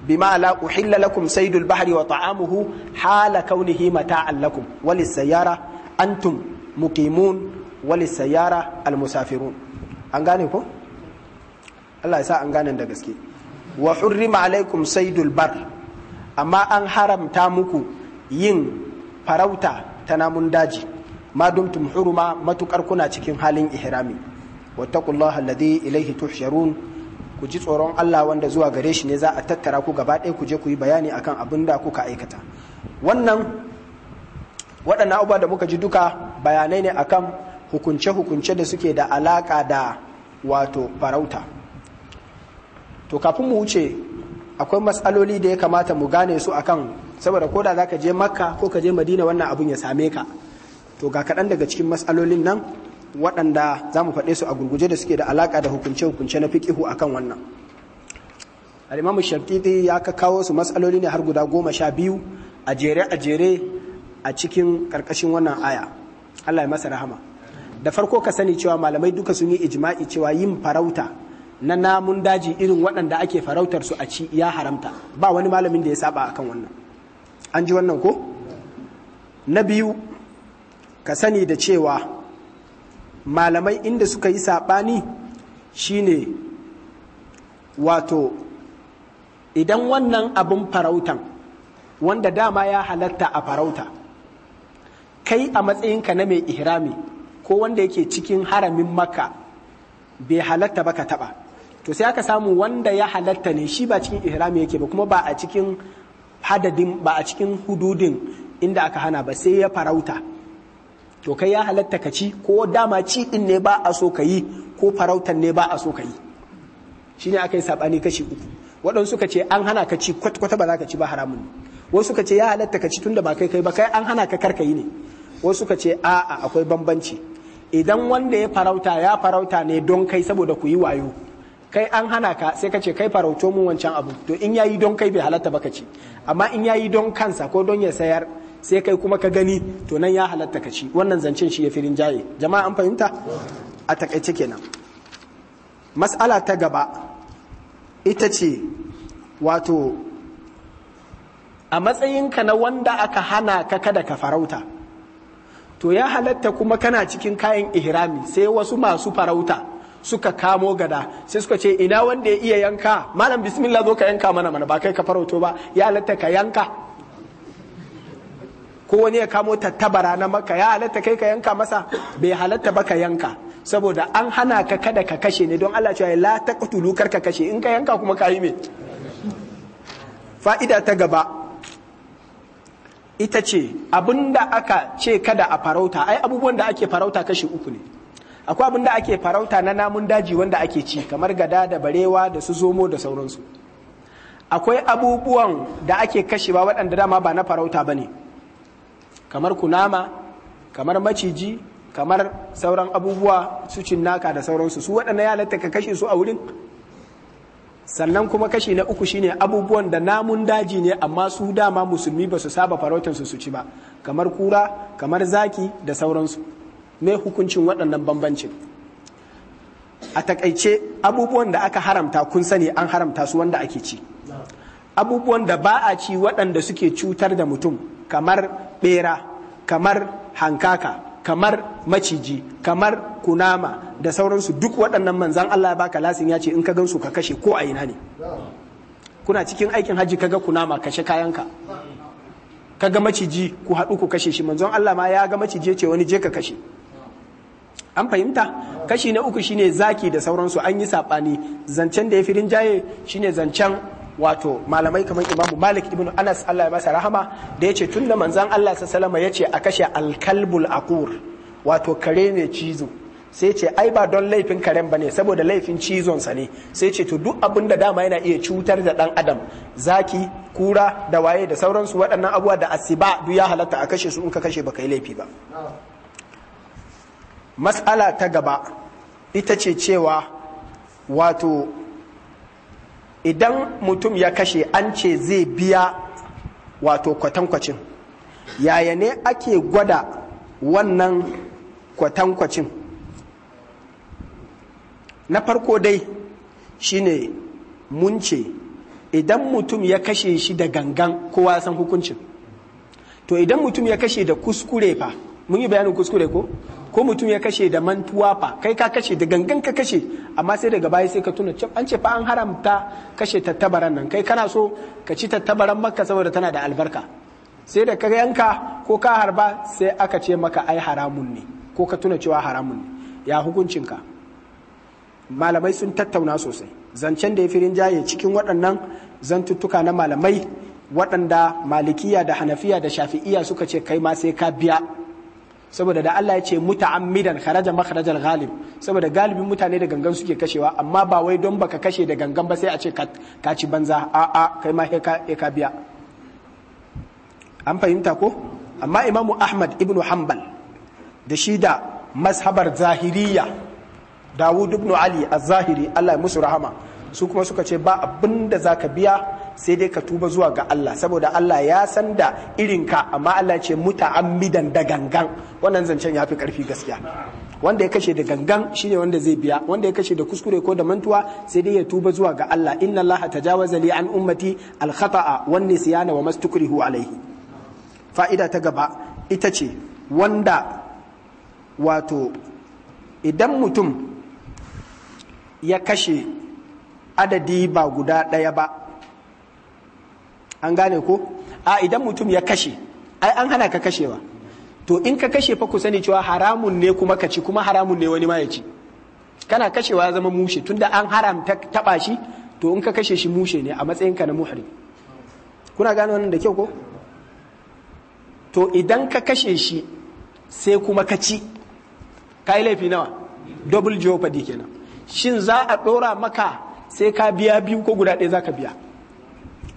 bi ma'ala uhilla lakum saydul bahri wa ta'amuhu hala kaunihi mata'an lakum walis sayara antum muqimun walis sayara al musafirun an gane ko Allah ya sa an gane da gaske wa hurrima alaikum saydul bar amma an haramta muku yin farauta ta namun daji ma dumtum huruma matukar kuna cikin halin ihrami wattaqu Allah ilaihi ilayhi tuhsharun ku ji tsoron Allah wanda zuwa gare shi ne za a tattara ku gaba ɗaya ku je ku yi bayani akan abin da kuka aikata wannan waɗannan abubuwa da muka ji duka bayanai ne akan hukunce-hukunce da suke da alaƙa da wato farauta to kafin mu wuce akwai matsaloli da ya kamata mu gane su akan saboda ko da za ka je makka ko ka je madina wannan abun ya same ka to ga kaɗan daga cikin matsalolin nan waɗanda za mu faɗe su a gurguje da suke da alaƙa da hukunce-hukunce na fiƙihu akan wannan al'imamu shafiti ya ka kawo su matsaloli ne har guda goma sha biyu a jere a jere a cikin ƙarƙashin wannan aya allah ya masa rahama da farko ka sani cewa malamai duka sun yi ijma'i cewa yin farauta na namun daji irin waɗanda ake farautar su a ci ya haramta ba wani malamin da ya saba akan wannan an ji wannan ko na biyu ka sani da cewa malamai inda suka yi saɓani shine wato idan wannan abin farautan wanda dama ya halatta a farauta kai a matsayinka na mai ihrami ko wanda yake cikin haramin makka bai halatta ba ka taɓa to sai aka samu wanda ya halatta ne shi ba cikin ihrami yake ba kuma ba a cikin hadadin ba a cikin hududin inda aka hana ba sai ya farauta to kai ya halatta ka ci ko dama ci din ne ba a so ka yi ko farautan ne ba a so ka yi ne aka yi sabani kashi uku waɗansu suka ce an hana ka ci kwata-kwata ba za ka ci ba haramun ne wasu suka ce ya halatta ka ci tun da ba kai kai ba kai an hana ka karka yi ne wasu suka ce a'a akwai bambanci idan wanda ya farauta ya farauta ne don kai saboda ku yi wayo kai an hana ka sai ka ce kai farauto mun wancan abu to in yayi don kai bai halatta ba ka ci amma in yayi don kansa ko don ya sayar sai kai kuma ka gani to nan ya halatta ka ci wannan zancen shi ya firin jaye jama'a an fahimta a takaice kenan mas'ala ta gaba ita ce wato a matsayinka na wanda aka hana ka kada ka farauta to ya halatta kuma kana cikin kayan ihrami sai wasu masu farauta suka kamo gada sai suka ce ina wanda ya iya yanka malam bismillah zo ka yanka mana mana ba kai ka farauto ba ya halatta ka yanka ko wani ya kamo tattabara na maka ya halatta kai ka yanka masa bai halatta ba ka yanka saboda an hana ka kada ka kashe ne don Allah cewa la taqtulu kar ka kashe in ka yanka kuma ka yi me fa'ida ta gaba ita ce abinda aka ce kada a farauta ai abubuwan da ake farauta kashe uku ne akwai abin da ake farauta na namun daji wanda ake ci kamar gada da barewa da su zomo da sauransu akwai abubuwan da ake kashewa waɗanda dama ba na farauta ba ne kamar kunama kamar maciji kamar sauran abubuwa su cinnaka da sauransu su waɗannan ya halatta kashe su a wurin sannan kuma kashi na uku shine abubuwan da namun daji ne amma su dama musulmi ba su saba farautansu su ci ba kamar kura kamar zaki da sauransu ne hukuncin waɗannan bambancin a takaice abubuwan da aka haramta kun sani an haramta su wanda ake ci abubuwan da ba a ci waɗanda suke cutar da mutum kamar bera kamar hankaka kamar maciji kamar kunama da sauransu duk waɗannan manzan Allah ya baka lasin ya ce in ka gansu ka kashe ko a ina ne kuna cikin aikin hajji kaga kunama kashe kayanka kaga maciji ku haɗu ku kashe shi manzon Allah ma ya ga maciji ce wani je ka kashe an fahimta kashi na uku shine zaki da sauransu an yi saɓani zancen da ya firin rinjaye shine zancen wato malamai kamar imamu malik ibn anas allah ya masa rahama da ya ce tun da manzan allah sa salama ya ce a kashe alkalbul akur wato kare ne cizo sai ce ai ba don laifin karen ba ne saboda laifin cizonsa ne sai ce to duk abin da dama yana iya cutar da dan adam zaki kura da waye da sauransu waɗannan abuwa da asiba duk ya halatta a kashe su in ka kashe ba yi laifi ba mas'ala ta gaba ita ce cewa wato idan mutum ya kashe an ce zai biya wato kwatankwacin yaya ne ake gwada wannan kwatankwacin na farko dai shine mun ce idan mutum ya kashe shi da gangan kowa san hukuncin to idan mutum ya kashe da kuskure fa mun yi bayanin kuskure ko ko mutum ya kashe da mantuwa fa kai ka kashe da gangan ka kashe amma sai daga baya sai ka tuna an ce fa an haramta kashe tattabaran nan kai kana so ka ci tattabaran makka saboda tana da albarka sai da ka yanka ko ka harba sai aka ce maka ai haramun ne ko ka tuna cewa haramun ne ya hukuncin ka. malamai sun tattauna sosai zancen da ya firin jaye cikin waɗannan zantuttuka na malamai waɗanda malikiya da hanafiya da shafi'iya suka ce kai ma sai ka biya saboda da Allah ya ce muta'ammidan kharaja makhrajal ghalib saboda galibin mutane da gangan suke kashewa amma ba wai don baka kashe da gangan ba sai a ce ka ci banza a a kai ma ka biya an fahimta ko amma imamu ahmad ibn hanbal da shi da mazhabar zahiriya dawud ibn ali az-zahiri Allah ya musu rahama su kuma suka ce ba abinda zaka biya sai dai ka tuba zuwa ga Allah saboda Allah ya san da irin ka amma Allah ce muta'ammidan da gangan wannan zancen ya fi karfi gaskiya wanda ya kashe da gangan shine wanda zai biya wanda ya kashe da kuskure ko da mantuwa sai dai ya tuba zuwa ga Allah inna Allah tajawaza li an ummati al khata'a wan nisyana wa mastukrihu alayhi. fa'ida ta gaba ita ce wanda wato idan mutum ya kashe adadi ba guda ɗaya ba an gane ko a idan mutum ya kashe ai an hana ka kashewa to in ka kashe fa ku sani cewa haramun ne kuma ka ci kuma haramun ne wani ma ya ci kana kashewa ya zama mushe tunda an haramta taba shi to in ka kashe shi mushe ne a matsayin ka na muhrim kuna gane wannan da kyau ko to idan ka kashe shi sai kuma ka ci ka laifi nawa double jeopardy kenan shin za a ɗora maka sai ka biya biyu ko guda ɗaya za ka biya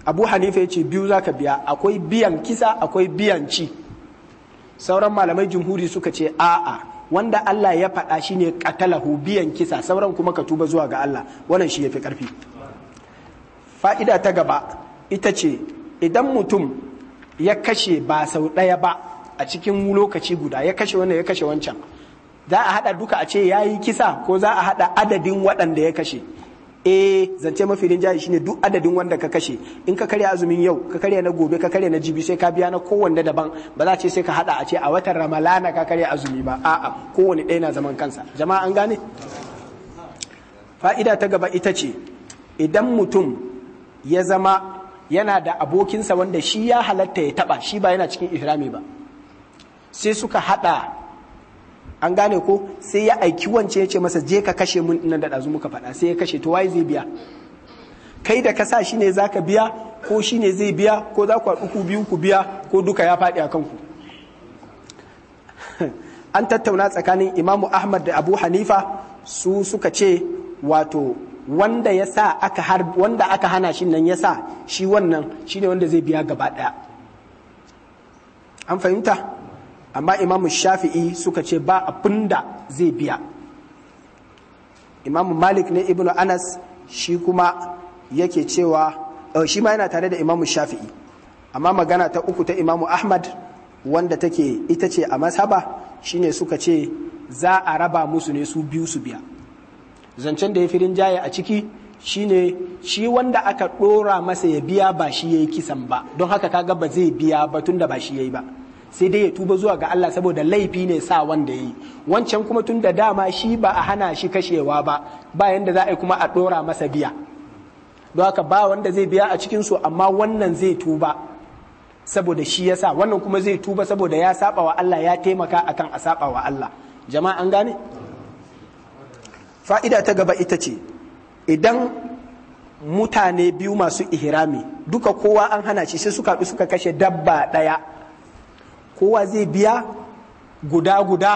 abu hanifa ya ce biyu za ka biya akwai biyan kisa akwai biyan ci sauran malamai jumhuri suka ce a'a wanda Allah ya faɗa shi ne katalahu biyan kisa sauran kuma ka tuba zuwa ga Allah wannan shi ya fi ƙarfi fa'ida ta gaba ita ce idan mutum ya kashe ba sau ɗaya ba a cikin lokaci guda ya kashe wannan ya kashe wancan za a haɗa duka a ce ya yi kisa ko za a haɗa adadin waɗanda ya kashe eh zance mafi rinjaye shine duk adadin wanda ka kashe in ka karya azumin yau ka karya na gobe ka karya na jibi sai ka biya na kowanne daban ba za ce sai ka hada a ce a watan ramalana ka karya azumi ba a'a kowanne ɗaya na zaman kansa jama'a an gane fa'ida ta gaba ita ce idan mutum ya zama yana da abokinsa wanda shi ya halatta ya taba shi ba yana cikin ihrami ba sai suka hada an gane ko sai ya aiki wance ya ce masa je ka kashe mun nan da ɗazu muka faɗa sai ya kashe to waye zai biya kai da ka sa shi ne za ka biya ko shi ne zai biya ko za ku haɗu ku biyu ku biya ko duka ya faɗi a kanku an tattauna tsakanin imamu ahmad da abu hanifa su suka ce wato wanda ya sa aka har wanda aka hana shi nan ya sa shi wannan shi ne wanda zai biya gaba ɗaya an fahimta amma imamu shafi'i suka ce ba abin da zai biya imamu malik ne Ibn anas shi kuma yake cewa eh, shi ma yana tare da imamu shafi'i amma magana ta uku ta imamu ahmad wanda take ita ce a shi shine suka ce za a raba musu ne su biyu su biya zancen da ya fi rinjaye a ciki shine shi wanda aka ɗora masa ya biya ba shi ya yi kisan ba don haka kaga ba zai biya ba tun da ba shi ya yi ba sai dai ya tuba zuwa ga Allah saboda laifi ne sa wanda yi wancan kuma tun da dama shi ba a hana shi kashewa ba ba yanda za a yi kuma a dora masa biya don haka ba wanda zai biya a cikin su amma wannan zai tuba saboda shi ya sa wannan kuma zai tuba saboda ya saba wa Allah ya taimaka akan a saba wa Allah jama'a an gane fa'ida ta gaba ita ce idan mutane biyu masu ihrami duka kowa an hana shi sai suka suka kashe dabba ɗaya kowa zai biya guda-guda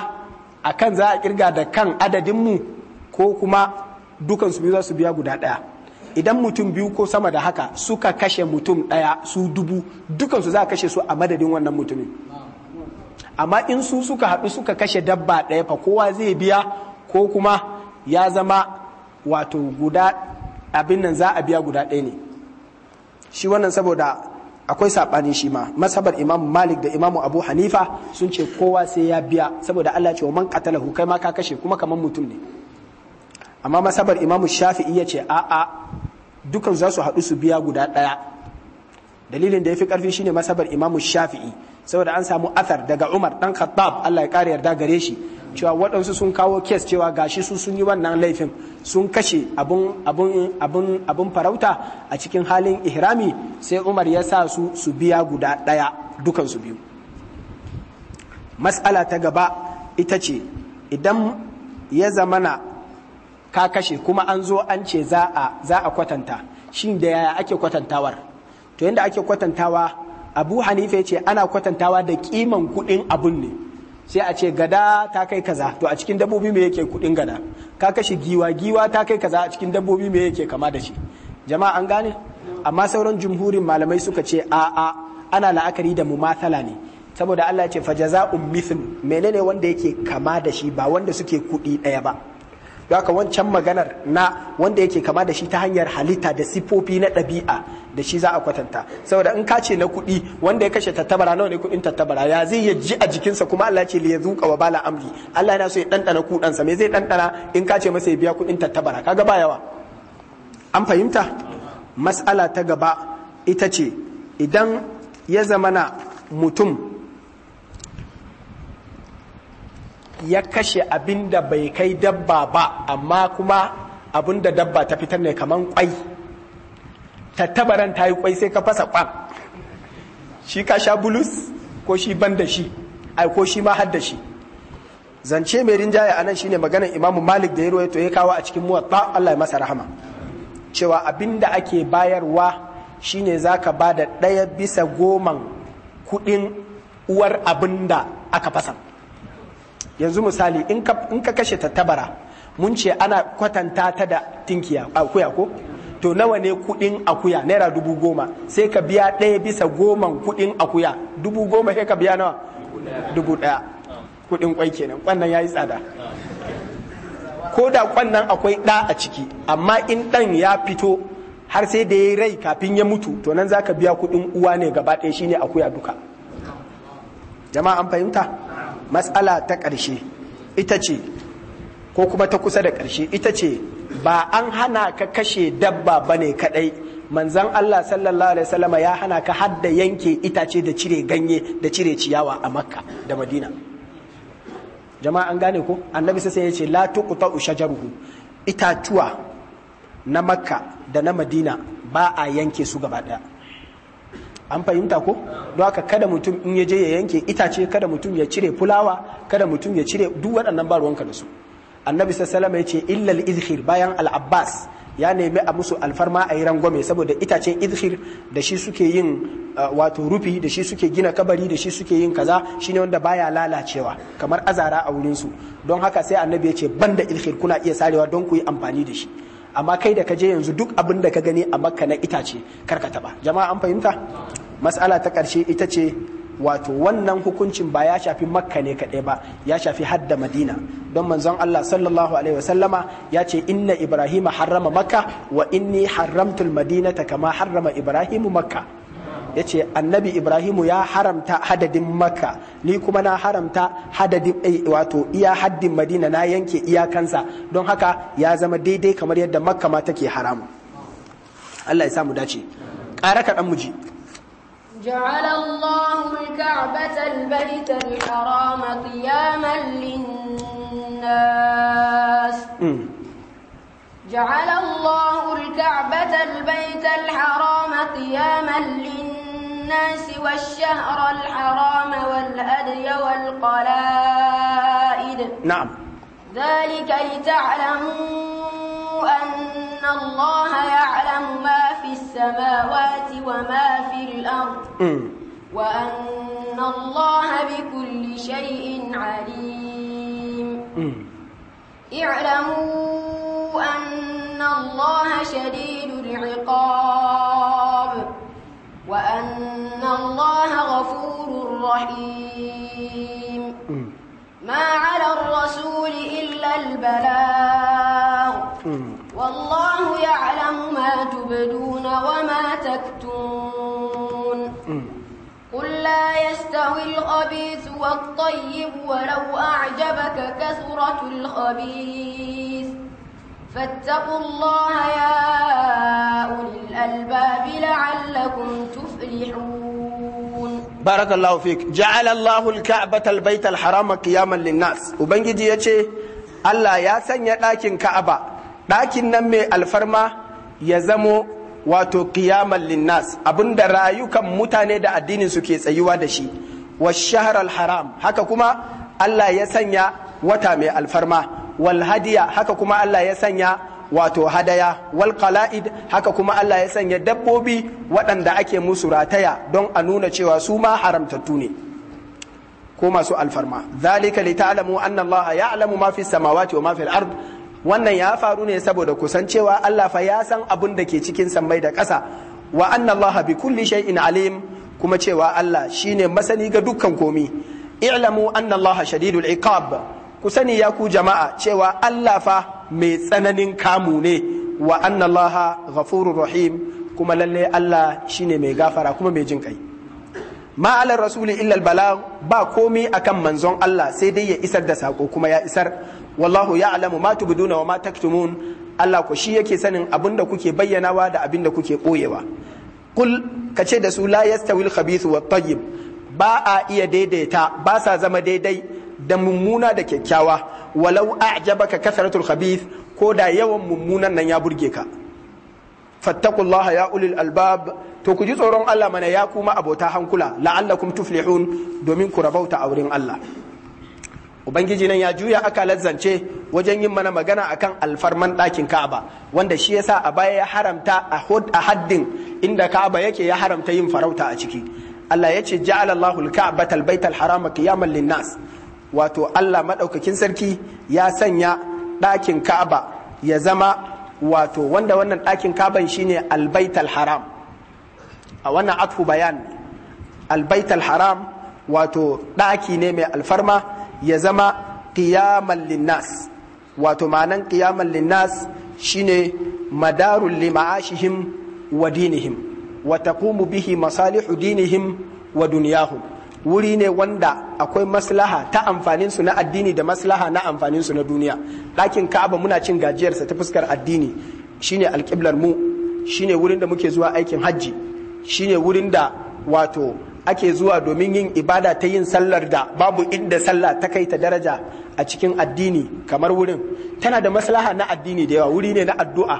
a kan za a kirga da kan adadinmu ko kuma dukansu biyu za su biya guda ɗaya idan mutum biyu ko sama da haka suka kashe mutum ɗaya su dubu dukansu za a kashe su a madadin wannan mutumin amma in su suka haɗu suka kashe dabba ɗaya fa kowa zai biya ko kuma ya zama wato guda abin nan za a biya guda ɗaya ne shi wannan saboda akwai saɓani shi ma masabar imam malik da imamu abu hanifa sun ce kowa sai ya biya saboda allah ce wa man katala kai ma ka kashe kuma kamar mutum ne amma masabar imamu shafi'i ya ce a'a dukan za su haɗu su biya guda ɗaya dalilin da ya fi ƙarfi shine masabar imamu shafi'i saboda an samu athar daga umar ɗan khattab allah ya ƙara yarda gare shi cewa waɗansu sun kawo kes cewa gashi su sun yi wannan laifin sun kashe abin farauta a cikin halin ihrami sai umar ya sa su su biya guda ɗaya dukansu biyu matsala ta gaba ita ce idan ya zamana ka kashe kuma an zo an ce za a kwatanta shi da yaya ake kwatantawar to yadda ake kwatantawa abu hanifa ce ana kwatantawa da kiman kuɗin abun ne sai a ce gada ta kai kaza to a cikin dabbobi me yake kudin gada ka kashe giwa giwa ta kai kaza a cikin dabbobi me yake kama da shi jama'a an gane amma sauran jumhurin malamai suka ce a a ana la'akari da mumathala ne saboda Allah ya ce fajaza'un mithlu menene wanda yake kama da shi ba wanda suke kudi daya ba haka wancan maganar na wanda yake kama da shi ta hanyar halitta da sifofi na ɗabi'a da shi za a kwatanta saboda in ka ce na kuɗi wanda ya kashe tattabara nawa ne kuɗin tattabara ya zai ya ji a jikinsa kuma Allah ce li yazuqa wa bala amri Allah yana so ya dandana kuɗansa me zai ɗanɗana in ka ce masa ya biya kuɗin tattabara kaga ba yawa an fahimta mas'ala ta gaba ita ce idan ya zamana mutum ya kashe abin da bai kai dabba ba amma kuma abin da dabba ta fitar ne kamar kwai tattabaran ta yi kwai sai ka fasa kwan shi ka sha bulus ko shi ban da shi ai ko shi ma har da shi zance mai rinjaye anan ne maganar imamu malik da ya to ya kawo a cikin muwatta Allah ya masa rahama cewa abin da ake bayarwa shi ne za ka ba da ɗaya bisa goman kuɗin uwar abin da aka fasa yanzu misali in ka kashe tattabara mun ce ana kwatanta ta da tinkiya akuya ko to nawa ne kuɗin akuya naira dubu goma sai ka biya ɗaya bisa goman kuɗin akuya dubu goma sai ka biya nawa dubu ɗaya kuɗin kwai kenan kwannan ya yi tsada ko da kwannan akwai ɗa a ciki amma in ɗan ya fito har sai da ya rai kafin ya mutu to nan za ka biya kuɗin uwa ne gaba ɗaya shi ne akuya duka jama'a an fahimta matsala ta ƙarshe ita ce ko kuma ta kusa da ƙarshe ita ce ba an hana ka kashe dabba ba ne kadai manzan Allah sallallahu alaihi wasallama ya hana ka hadda yanke itace da cire ganye da cire ciyawa a makka da madina jama'a an gane ko annabi sai ya ce la tuqta shajaruhu itatuwa na makka da na madina ba a yanke su gaba daya an fahimta ko don haka kada mutum in ya je ya yanke itace kada mutum ya cire fulawa kada mutum ya cire duk waɗannan ba ruwanka da su annabi sallallahu ya ce illal izhir bayan al-abbas ya nemi a musu alfarma a yi rangwame saboda itacen izhir da shi suke yin uh, wato rufi da shi suke gina kabari da shi suke yin kaza shine wanda baya lalacewa kamar azara a wurin su don haka sai annabi ya ce banda izhir kuna iya sarewa don ku yi amfani da shi amma kai da ka je yanzu duk abin da ka gani a makka na itace karka taba jama'a an fahimta mas'ala ta karshe ita ce wato wannan hukuncin ba ya shafi makka ne kaɗai ba ya shafi hadda madina don manzon Allah sallallahu alaihi wasallama ya ce inna ibrahim harrama makka wa inni haramtul madinata kama harrama ibrahim makka ya ce annabi ibrahimu ya haramta hadadin makka ni kuma na haramta hadadin eh, wato iya haddin madina na yanke iyakansa don haka ya zama daidai kamar yadda makka ma take haramu Allah ya samu dace ƙara kaɗan mu ji جعل الله الكعبة البيت الحرام قياما للناس جعل الله الكعبة البيت الحرام قياما للناس والشهر الحرام والهدي والقلائد نعم ذلك لتعلموا أن إن الله يعلم ما في السماوات وما في الأرض وأن الله بكل شيء عليم اعلموا أن الله شديد العقاب وأن الله غفور رحيم ما على الرسول إلا البلاغ والله الخبيث والطيب ولو أعجبك كثرة الخبيث فاتقوا الله يا أولي الألباب لعلكم تفلحون بارك الله فيك جعل الله الكعبة البيت الحرام قياما للناس وبنجي يجي الله يا سنيا لكن كعبة لكن نمي الفرما يزمو wato kiyaman linnas abinda rayukan mutane da addinin su ke tsayuwa da shi wa shaharar haram haka kuma Allah ya sanya wata mai alfarma wal hadiya haka kuma Allah ya sanya wato hadaya wal qala'id haka kuma Allah ya sanya dabbobi waɗanda ake musu rataya don a nuna cewa su ma haramtattu ne ko masu alfarma zalika li ta'lamu anna Allah ya'lamu ma fi samawati wa ma fil ard wannan ya faru ne saboda kusancewa Allah fa ya san abin da ke cikin sammai da ƙasa wa anna Allah bi kulli shay'in alim kuma cewa Allah shine masani ga dukkan komi i'lamu anna Allah shadidul iqab ku sani ya ku jama'a cewa Allah fa mai tsananin kamu ne wa anna Allah ghafurur rahim kuma lalle Allah shine mai gafara kuma mai jin kai ma ala rasuli illa balagh ba komi akan manzon Allah sai dai ya isar da sako kuma ya isar wallahu ya'lamu ma tubduna wa ma taktumun Allah ko shi yake sanin abinda kuke bayyanawa da abinda kuke koyewa kul ka ce da su la yastawil khabithu wat tayyib ba a iya daidaita ba sa zama daidai da mummuna da kyakkyawa walau a'jabaka kasaratul khabith ko da yawan mummunan nan ya burge ka fattakullaha ya ulil albab to ku ji tsoron Allah mana ya kuma abota hankula la'allakum tuflihun domin ku rabauta a wurin Allah ubangiji nan ya juya aka lazzance wajen yin mana magana akan alfarman ɗakin ka'aba wanda shi yasa a baya ya haramta a haddin inda ka'aba yake ya haramta yin farauta a ciki Allah ya ce ja'ala Allahul ka'bata al-baital qiyaman linnas wato Allah madaukakin sarki ya sanya ɗakin ka'aba ya zama wato wanda wannan ɗakin ka'aban shine al haram a wannan atfu bayan al haram wato ɗaki ne mai alfarma ya zama qiyamal linnas wato ma'anan qiyamal linnas shine madarul li ma'ashihim wa dinihim wa taqumu bihi masalihu dinihim wa dunyahum wuri ne wanda akwai maslaha ta amfanin su na addini da maslaha na amfanin su na duniya ɗakin ka'aba muna cin gajiyarsa ta fuskar addini shine alƙiblar mu shine wurin da muke zuwa aikin hajji shine wurin da wato ake zuwa domin yin ibada ta yin sallar da babu inda sallah ta kai ta daraja a cikin addini kamar wurin tana da maslaha na addini da yawa wuri ne na addu'a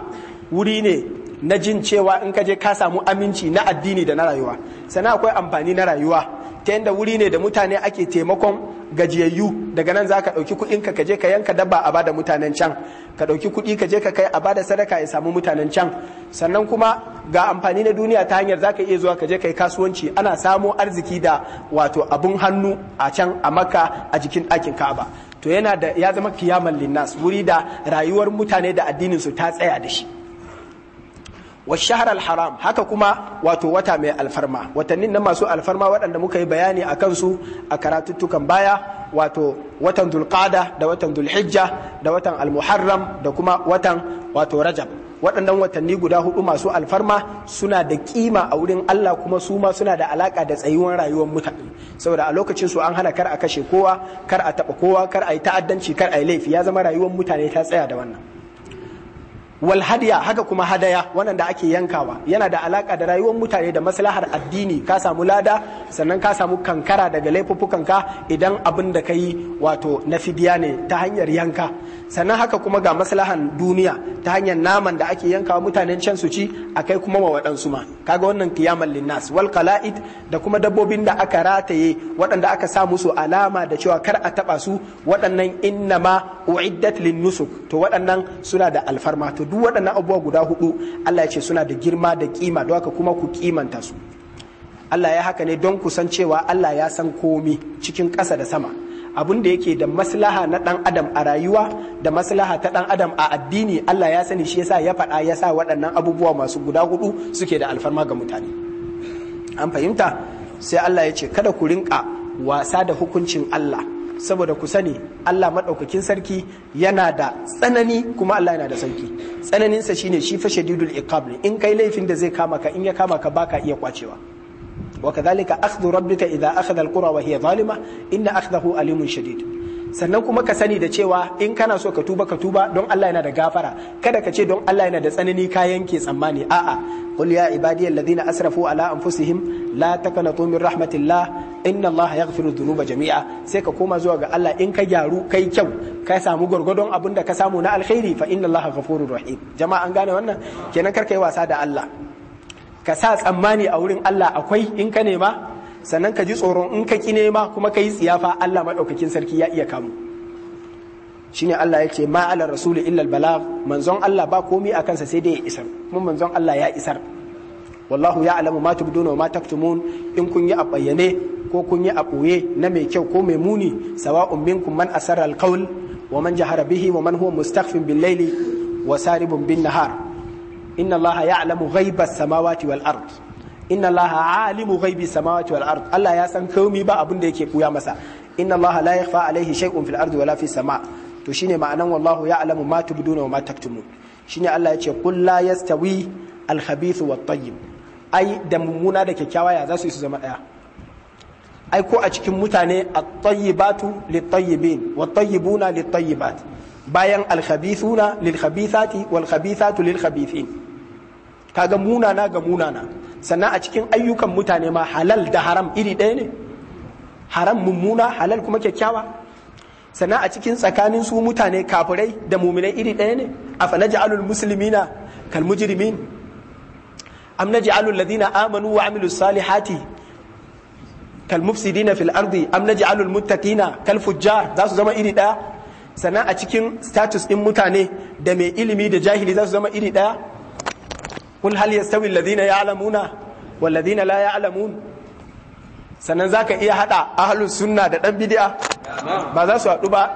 wuri ne na jin cewa in ka je ka samu aminci na addini da na rayuwa sannan akwai amfani na rayuwa ta yadda wuri ne da mutane ake taimakon gajiyayyu daga nan za ka ɗauki kuɗinka ka je ka yanka dabba a bada mutanen can ka ɗauki kuɗi ka je ka kai a bada sadaka ya samu mutanen can sannan kuma ga amfani na duniya ta hanyar za ka iya zuwa ka je kai kasuwanci ana samo arziki da wato abun hannu a can a makka a jikin ɗakin kaba to yana da ya zama kiyaman linnas wuri da rayuwar mutane da addinin su ta tsaya da shi wa shahar haram haka kuma wato wata mai alfarma watannin na masu alfarma waɗanda muka yi bayani a kansu a karatuttukan baya wato watan dulƙada da watan dulhijja da watan almuharram da kuma watan wato rajab waɗannan watanni guda hudu masu alfarma suna da kima a wurin Allah kuma su ma suna da alaka da tsayuwar rayuwar mutane saboda a lokacin su an hana kar a kashe kowa kar a taɓa kowa kar a yi ta'addanci kar a yi laifi ya zama rayuwar mutane ta tsaya da wannan wal hadiya haka kuma hadaya wannan da ake yankawa yana da alaka da rayuwar mutane da maslahar addini ka samu lada sannan ka samu kankara daga ka idan abin da kai wato na fidiya ne ta hanyar yanka sannan haka kuma ga maslahan duniya ta hanyar naman da ake yankawa mutanen can su ci akai kuma wa waɗansu ma kaga wannan kiyamal linnas wal qala'id da kuma dabbobin da aka rataye waɗanda aka sa musu alama da cewa kar a taba su waɗannan innama uiddat lin nusuk to waɗannan suna da alfarma duk waɗannan abubuwa guda hudu Allah ya ce suna da girma da kima don haka kuma ku kimanta su Allah ya haka ne don ku san cewa Allah ya san komi cikin ƙasa da sama abin da yake da maslaha na ɗan adam a rayuwa da maslaha ta ɗan adam a addini Allah ya sani shi yasa ya faɗa ya sa waɗannan abubuwa masu guda hudu suke da alfarma ga mutane an fahimta sai Allah ya ce kada ku rinka wasa da hukuncin Allah saboda ku sani Allah maɗaukakin sarki yana da tsanani kuma Allah yana da sarki tsananinsa shine shi fa shadidul iqab in kai laifin da zai kama ka in ya kama ka baka iya kwacewa wa kadhalika akhdhu rabbika idha akhadha alqura wa hiya zalima inna akhdahu alimun shadid sannan kuma ka sani da cewa in kana so ka tuba ka tuba don Allah yana da gafara kada ka ce don Allah yana da tsanani ka yanke tsammani a'a qul ya ibadi alladhina asrafu ala anfusihim la taqnatu min rahmatillah inna Allah yaghfiru dhunuba jami'a sai ka koma zuwa ga Allah in ka gyaru kai kyau ka samu gwargwadon abin da ka samu na alkhairi fa inna Allah ghafurur rahim jama'a an gane wannan kenan kar yi wasa da Allah ka sa tsammani a wurin Allah akwai in ka nema sannan ka ji tsoron in ka ki nema kuma ka yi tsiyafa Allah maɗaukakin sarki ya iya kamu shine Allah ya ce ma ala rasuli illa balagh manzon Allah ba komi a kansa sai dai ya isar kuma manzon Allah ya isar wallahu ya alamu ma tubduna wa ma taktumun in kun yi a bayyane ko kun yi a ɓoye na mai kyau ko mai muni sawa'un minkum man asarra alqawl wa man jahara bihi wa man huwa mustakhfin bil layli wa saribun bin nahar inna allaha ya'lamu ghaiba samawati wal ard inna allaha alimu ghaibi samawati wal ard Allah ya san komai ba abin da yake buya masa inna allaha la yakhfa alaihi shay'un fil ardi wala fi sama to shine ma'anan wallahu ya'lamu ma tubduna wa ma taktumun shine Allah yace qul la yastawi al khabith wat tayyib ai da mummuna da kyakkyawa ya zasu su zama daya ai ko a cikin mutane at-tayyibatu lit-tayyibin wat-tayyibuna lit-tayyibat bayan al-khabithuna lil-khabithati wal-khabithatu lil-khabithin kaga munana ga munana sannan a cikin ayyukan mutane ma halal da haram iri ɗaya ne haram mummuna halal kuma kyakkyawa sannan a cikin tsakanin su mutane kafirai da muminai iri ɗaya ne a fa naj'alul muslimina kal mujrimin am naj'alul ladina amanu wa amilu salihati kal mufsidina fil ardi am alul muttaqina kal fujjar za su zama iri ɗaya sannan a cikin status ɗin mutane da mai ilimi da jahili za su zama iri ɗaya Kun hal yastawi alladhina ya'lamuna wal ladina la ya'lamun sannan zaka iya hada ahlus sunna da dan bid'a ba za su hadu ba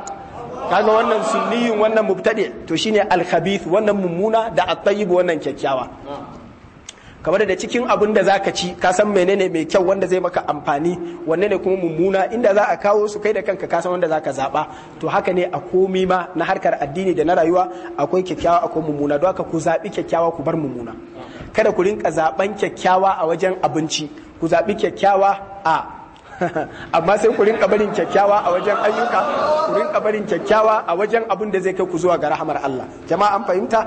kaga wannan sunniyun wannan mubtadi to shine al khabith wannan mummuna da at-tayyib wannan kyakkyawa kamar da cikin abin da za ka ci ka san menene mai kyau wanda zai maka amfani wanne ne kuma mummuna inda za a kawo su kai da kanka ka san wanda ka zaɓa to haka ne a komi ma na harkar addini da na rayuwa akwai kyakkyawa akwai mummuna don haka ku zaɓi kyakkyawa ku bar mummuna kada ku rinka zaɓen kyakkyawa a wajen abinci ku zaɓi kyakkyawa a amma sai ku rinka barin kyakkyawa a wajen ayyuka ku rinka barin kyakkyawa a wajen abin da zai kai ku zuwa ga rahamar Allah jama'a an fahimta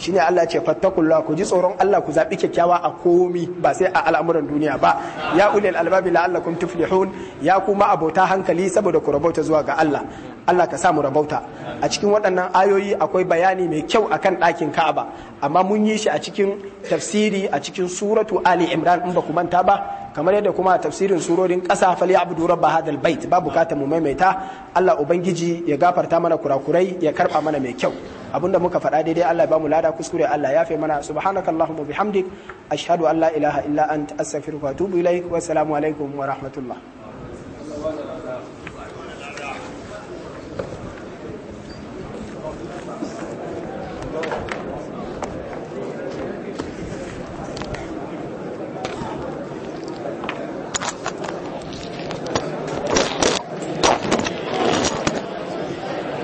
shine Allah ce fattakullah ku ji tsoron Allah ku zabi kyakkyawa a komi ba sai a al'amuran duniya ba ya ulil albabi la'allakum tuflihun ya kuma abota hankali saboda ku rabauta zuwa ga Allah Allah ka samu rabauta a cikin waɗannan ayoyi akwai bayani mai kyau akan ɗakin Ka'aba amma mun yi shi a cikin tafsiri a cikin suratu Ali Imran in ba ku manta ba kamar yadda kuma tafsirin surorin ƙasa fali ya'budu rabb hadal bait ba bukata mu maimaita Allah ubangiji ya gafarta mana kurakurai ya karba mana mai kyau abinda muka faɗa daidai Allah ba bamu lada kuskure Allah ya fi mana subhanakallahumma bihamdik ashhadu an la ilaha illa anta astaghfiruka wa atubu ilaik wa assalamu alaikum wa rahmatullah